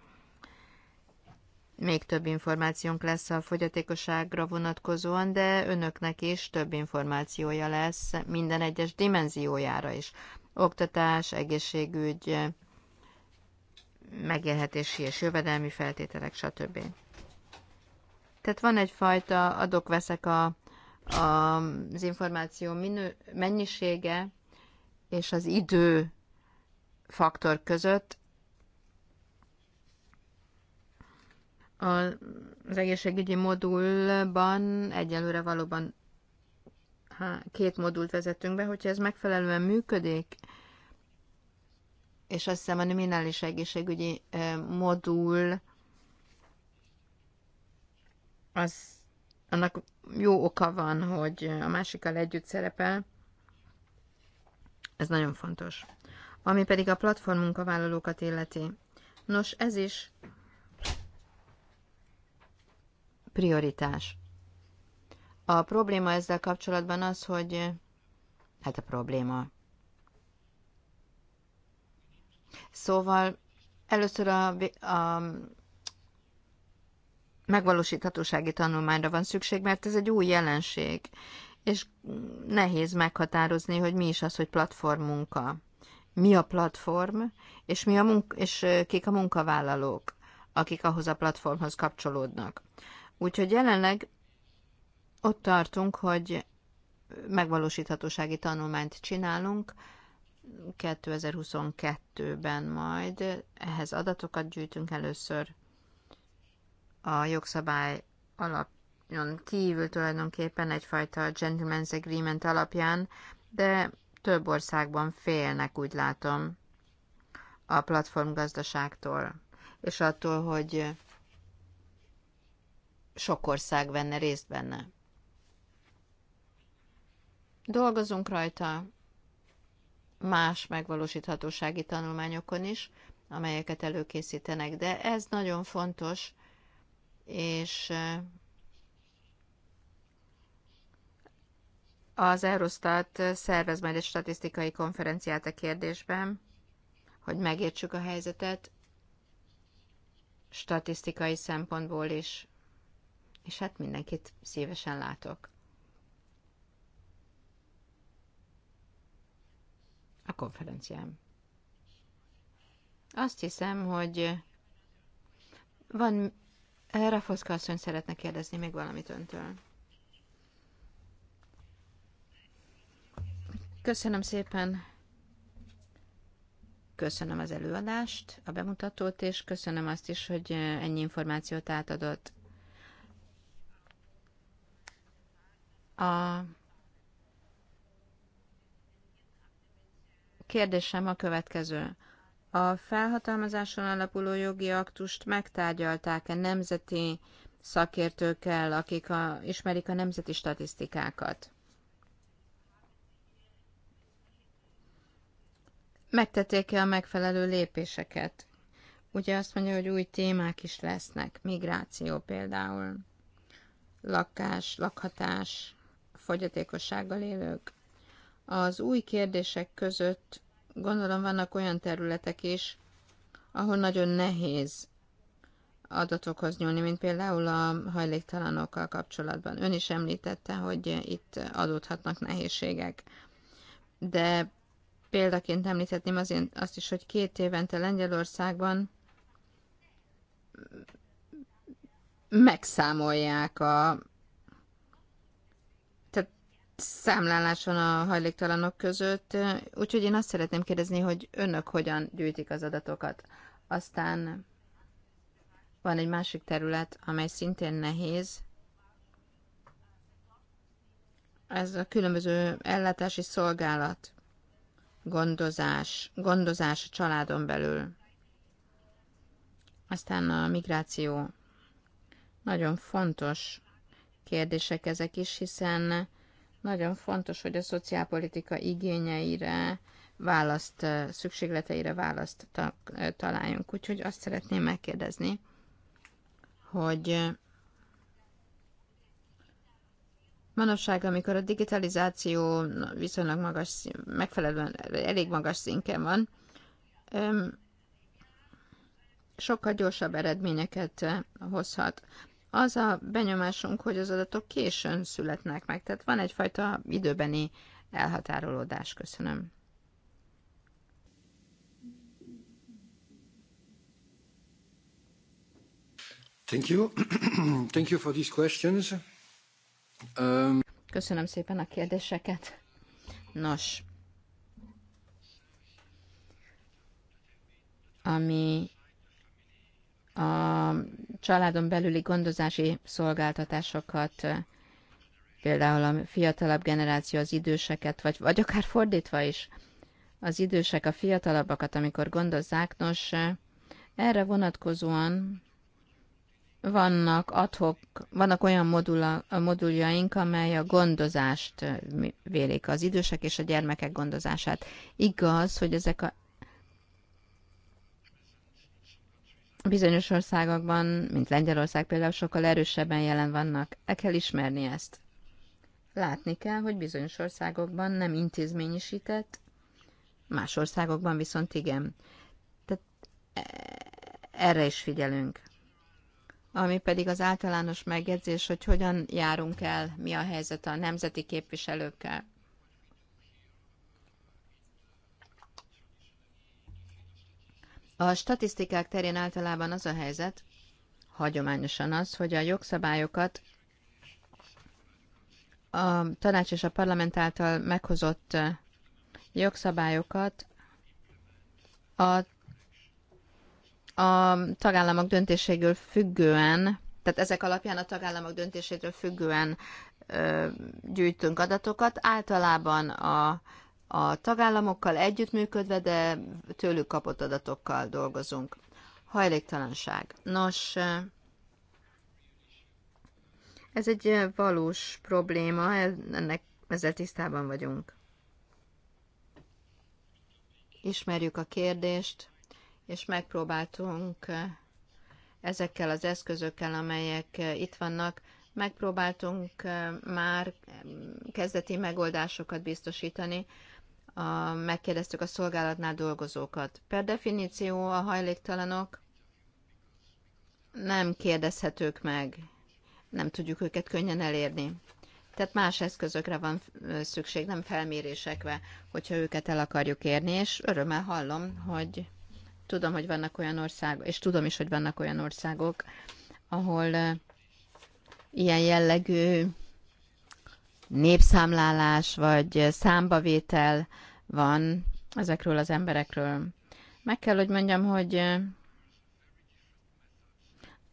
Még több információnk lesz a fogyatékosságra vonatkozóan, de önöknek is több információja lesz minden egyes dimenziójára is. Oktatás, egészségügy, megélhetési és jövedelmi feltételek, stb. Tehát van egyfajta adok-veszek a, a, az információ minő, mennyisége és az idő faktor között. az egészségügyi modulban egyelőre valóban ha két modult vezetünk be, hogyha ez megfelelően működik, és azt hiszem a nominális egészségügyi modul az annak jó oka van, hogy a másikkal együtt szerepel. Ez nagyon fontos. Ami pedig a platform munkavállalókat illeti. Nos, ez is prioritás. A probléma ezzel kapcsolatban az, hogy hát a probléma Szóval először a, a megvalósíthatósági tanulmányra van szükség, mert ez egy új jelenség, és nehéz meghatározni, hogy mi is az, hogy platform munka. Mi a platform, és, mi a munka, és kik a munkavállalók, akik ahhoz a platformhoz kapcsolódnak. Úgyhogy jelenleg ott tartunk, hogy megvalósíthatósági tanulmányt csinálunk, 2022-ben majd. Ehhez adatokat gyűjtünk először a jogszabály alapjon kívül tulajdonképpen egyfajta gentleman's agreement alapján, de több országban félnek, úgy látom, a platformgazdaságtól, és attól, hogy sok ország venne részt benne. Dolgozunk rajta, más megvalósíthatósági tanulmányokon is, amelyeket előkészítenek. De ez nagyon fontos, és eh, az Eurostat szervez majd egy statisztikai konferenciát a kérdésben, hogy megértsük a helyzetet statisztikai szempontból is. És hát mindenkit szívesen látok. konferencián. Azt hiszem, hogy van... Rafoszka asszony szeretne kérdezni még valamit öntől. Köszönöm szépen. Köszönöm az előadást, a bemutatót, és köszönöm azt is, hogy ennyi információt átadott. A Kérdésem a következő. A felhatalmazáson alapuló jogi aktust megtárgyalták-e nemzeti szakértőkkel, akik a, ismerik a nemzeti statisztikákat? Megtették-e a megfelelő lépéseket? Ugye azt mondja, hogy új témák is lesznek, migráció például, lakás, lakhatás, fogyatékossággal élők. Az új kérdések között gondolom vannak olyan területek is, ahol nagyon nehéz adatokhoz nyúlni, mint például a hajléktalanokkal kapcsolatban. Ön is említette, hogy itt adódhatnak nehézségek. De példaként említhetném azért azt is, hogy két évente Lengyelországban megszámolják a számláláson a hajléktalanok között. Úgyhogy én azt szeretném kérdezni, hogy önök hogyan gyűjtik az adatokat. Aztán van egy másik terület, amely szintén nehéz. Ez a különböző ellátási szolgálat, gondozás, gondozás a családon belül. Aztán a migráció. Nagyon fontos kérdések ezek is, hiszen nagyon fontos, hogy a szociálpolitika igényeire, választ, szükségleteire választ találjunk. Úgyhogy azt szeretném megkérdezni, hogy manapság, amikor a digitalizáció viszonylag magas, megfelelően elég magas szinten van, sokkal gyorsabb eredményeket hozhat az a benyomásunk, hogy az adatok későn születnek meg, tehát van egyfajta időbeni elhatárolódás. Köszönöm. Thank you. Thank you for these questions. Um... Köszönöm szépen a kérdéseket. Nos, ami a családon belüli gondozási szolgáltatásokat, például a fiatalabb generáció az időseket, vagy, vagy akár fordítva is, az idősek a fiatalabbakat, amikor gondozzák, nos, erre vonatkozóan vannak adhok, vannak olyan modula, moduljaink, amely a gondozást vélik, az idősek és a gyermekek gondozását. Igaz, hogy ezek a, Bizonyos országokban, mint Lengyelország például, sokkal erősebben jelen vannak. El kell ismerni ezt. Látni kell, hogy bizonyos országokban nem intézményisített, más országokban viszont igen. Tehát e, erre is figyelünk. Ami pedig az általános megjegyzés, hogy hogyan járunk el, mi a helyzet a nemzeti képviselőkkel. A statisztikák terén általában az a helyzet, hagyományosan az, hogy a jogszabályokat a tanács és a parlament által meghozott eh, jogszabályokat a, a tagállamok döntéségől függően, tehát ezek alapján a tagállamok döntéséről függően ö, eh, gyűjtünk adatokat. Általában a a tagállamokkal együttműködve, de tőlük kapott adatokkal dolgozunk. Hajléktalanság. Nos, ez egy valós probléma, e, ennek, ezzel tisztában vagyunk. Ismerjük a kérdést, és megpróbáltunk ezekkel az eszközökkel, amelyek itt vannak, megpróbáltunk már kezdeti megoldásokat biztosítani, a, megkérdeztük a szolgálatnál dolgozókat. Per definíció a hajléktalanok nem kérdezhetők meg, nem tudjuk őket könnyen elérni. Tehát más eszközökre van szükség, nem felmérésekre, hogyha őket el akarjuk érni, és örömmel hallom, hogy tudom, hogy vannak olyan országok, és tudom is, hogy vannak olyan országok, ahol ilyen jellegű népszámlálás vagy számbavétel van ezekről az emberekről. Meg kell, hogy mondjam, hogy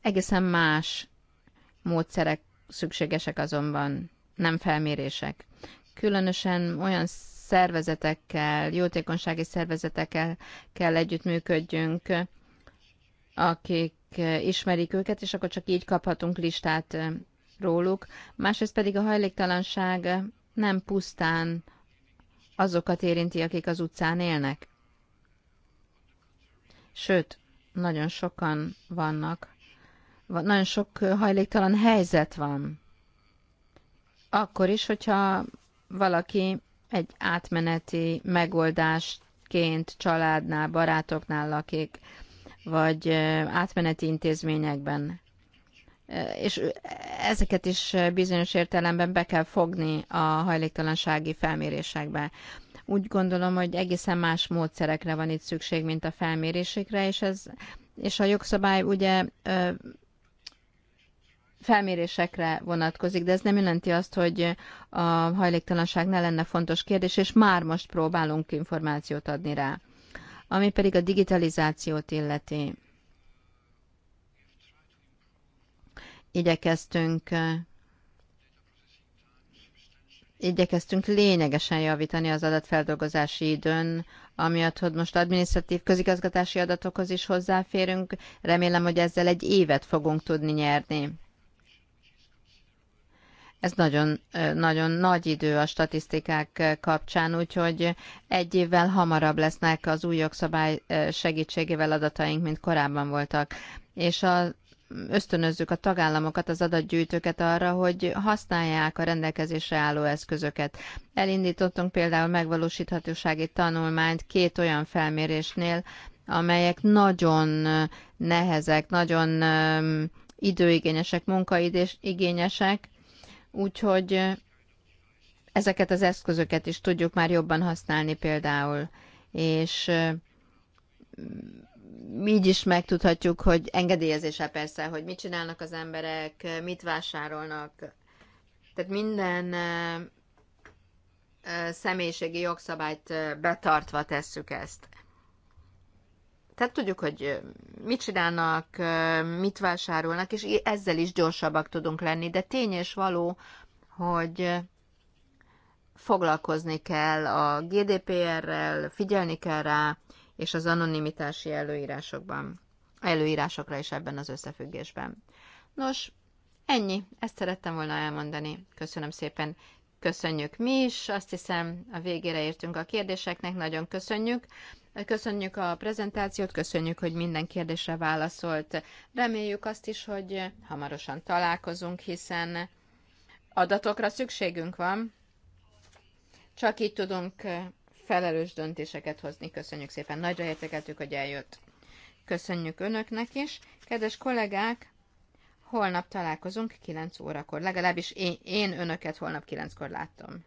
egészen más módszerek szükségesek azonban, nem felmérések. Különösen olyan szervezetekkel, jótékonysági szervezetekkel kell együttműködjünk, akik ismerik őket, és akkor csak így kaphatunk listát róluk, másrészt pedig a hajléktalanság nem pusztán azokat érinti, akik az utcán élnek. Sőt, nagyon sokan vannak, nagyon sok hajléktalan helyzet van. Akkor is, hogyha valaki egy átmeneti megoldásként családnál, barátoknál lakik, vagy átmeneti intézményekben és ezeket is bizonyos értelemben be kell fogni a hajléktalansági felmérésekbe. Úgy gondolom, hogy egészen más módszerekre van itt szükség, mint a felmérésekre, és, ez, és a jogszabály ugye felmérésekre vonatkozik, de ez nem jelenti azt, hogy a hajléktalanság ne lenne fontos kérdés, és már most próbálunk információt adni rá. Ami pedig a digitalizációt illeti igyekeztünk igyekeztünk lényegesen javítani az adatfeldolgozási időn, amiatt, hogy most adminisztratív közigazgatási adatokhoz is hozzáférünk. Remélem, hogy ezzel egy évet fogunk tudni nyerni. Ez nagyon, nagyon nagy idő a statisztikák kapcsán, úgyhogy egy évvel hamarabb lesznek az új jogszabály segítségével adataink, mint korábban voltak. És a, ösztönözzük a tagállamokat, az adatgyűjtőket arra, hogy használják a rendelkezésre álló eszközöket. Elindítottunk például megvalósíthatósági tanulmányt két olyan felmérésnél, amelyek nagyon nehezek, nagyon időigényesek, munkaigényesek, úgyhogy ezeket az eszközöket is tudjuk már jobban használni például, és így is megtudhatjuk, hogy engedélyezése persze, hogy mit csinálnak az emberek, mit vásárolnak. Tehát minden személyiségi jogszabályt betartva tesszük ezt. Tehát tudjuk, hogy mit csinálnak, mit vásárolnak, és ezzel is gyorsabbak tudunk lenni. De tény és való, hogy foglalkozni kell a GDPR-rel, figyelni kell rá, és az anonimitási előírásokban, előírásokra is ebben az összefüggésben. Nos, ennyi, ezt szerettem volna elmondani. Köszönöm szépen. Köszönjük mi is, azt hiszem a végére értünk a kérdéseknek, nagyon köszönjük. Köszönjük a prezentációt, köszönjük, hogy minden kérdésre válaszolt. Reméljük azt is, hogy hamarosan találkozunk, hiszen adatokra szükségünk van. Csak így tudunk felelős döntéseket hozni. Köszönjük szépen, nagyra értékeltük, hogy eljött. Köszönjük önöknek is. Kedves kollégák, holnap találkozunk 9 órakor. Legalábbis én, én önöket holnap 9-kor láttam.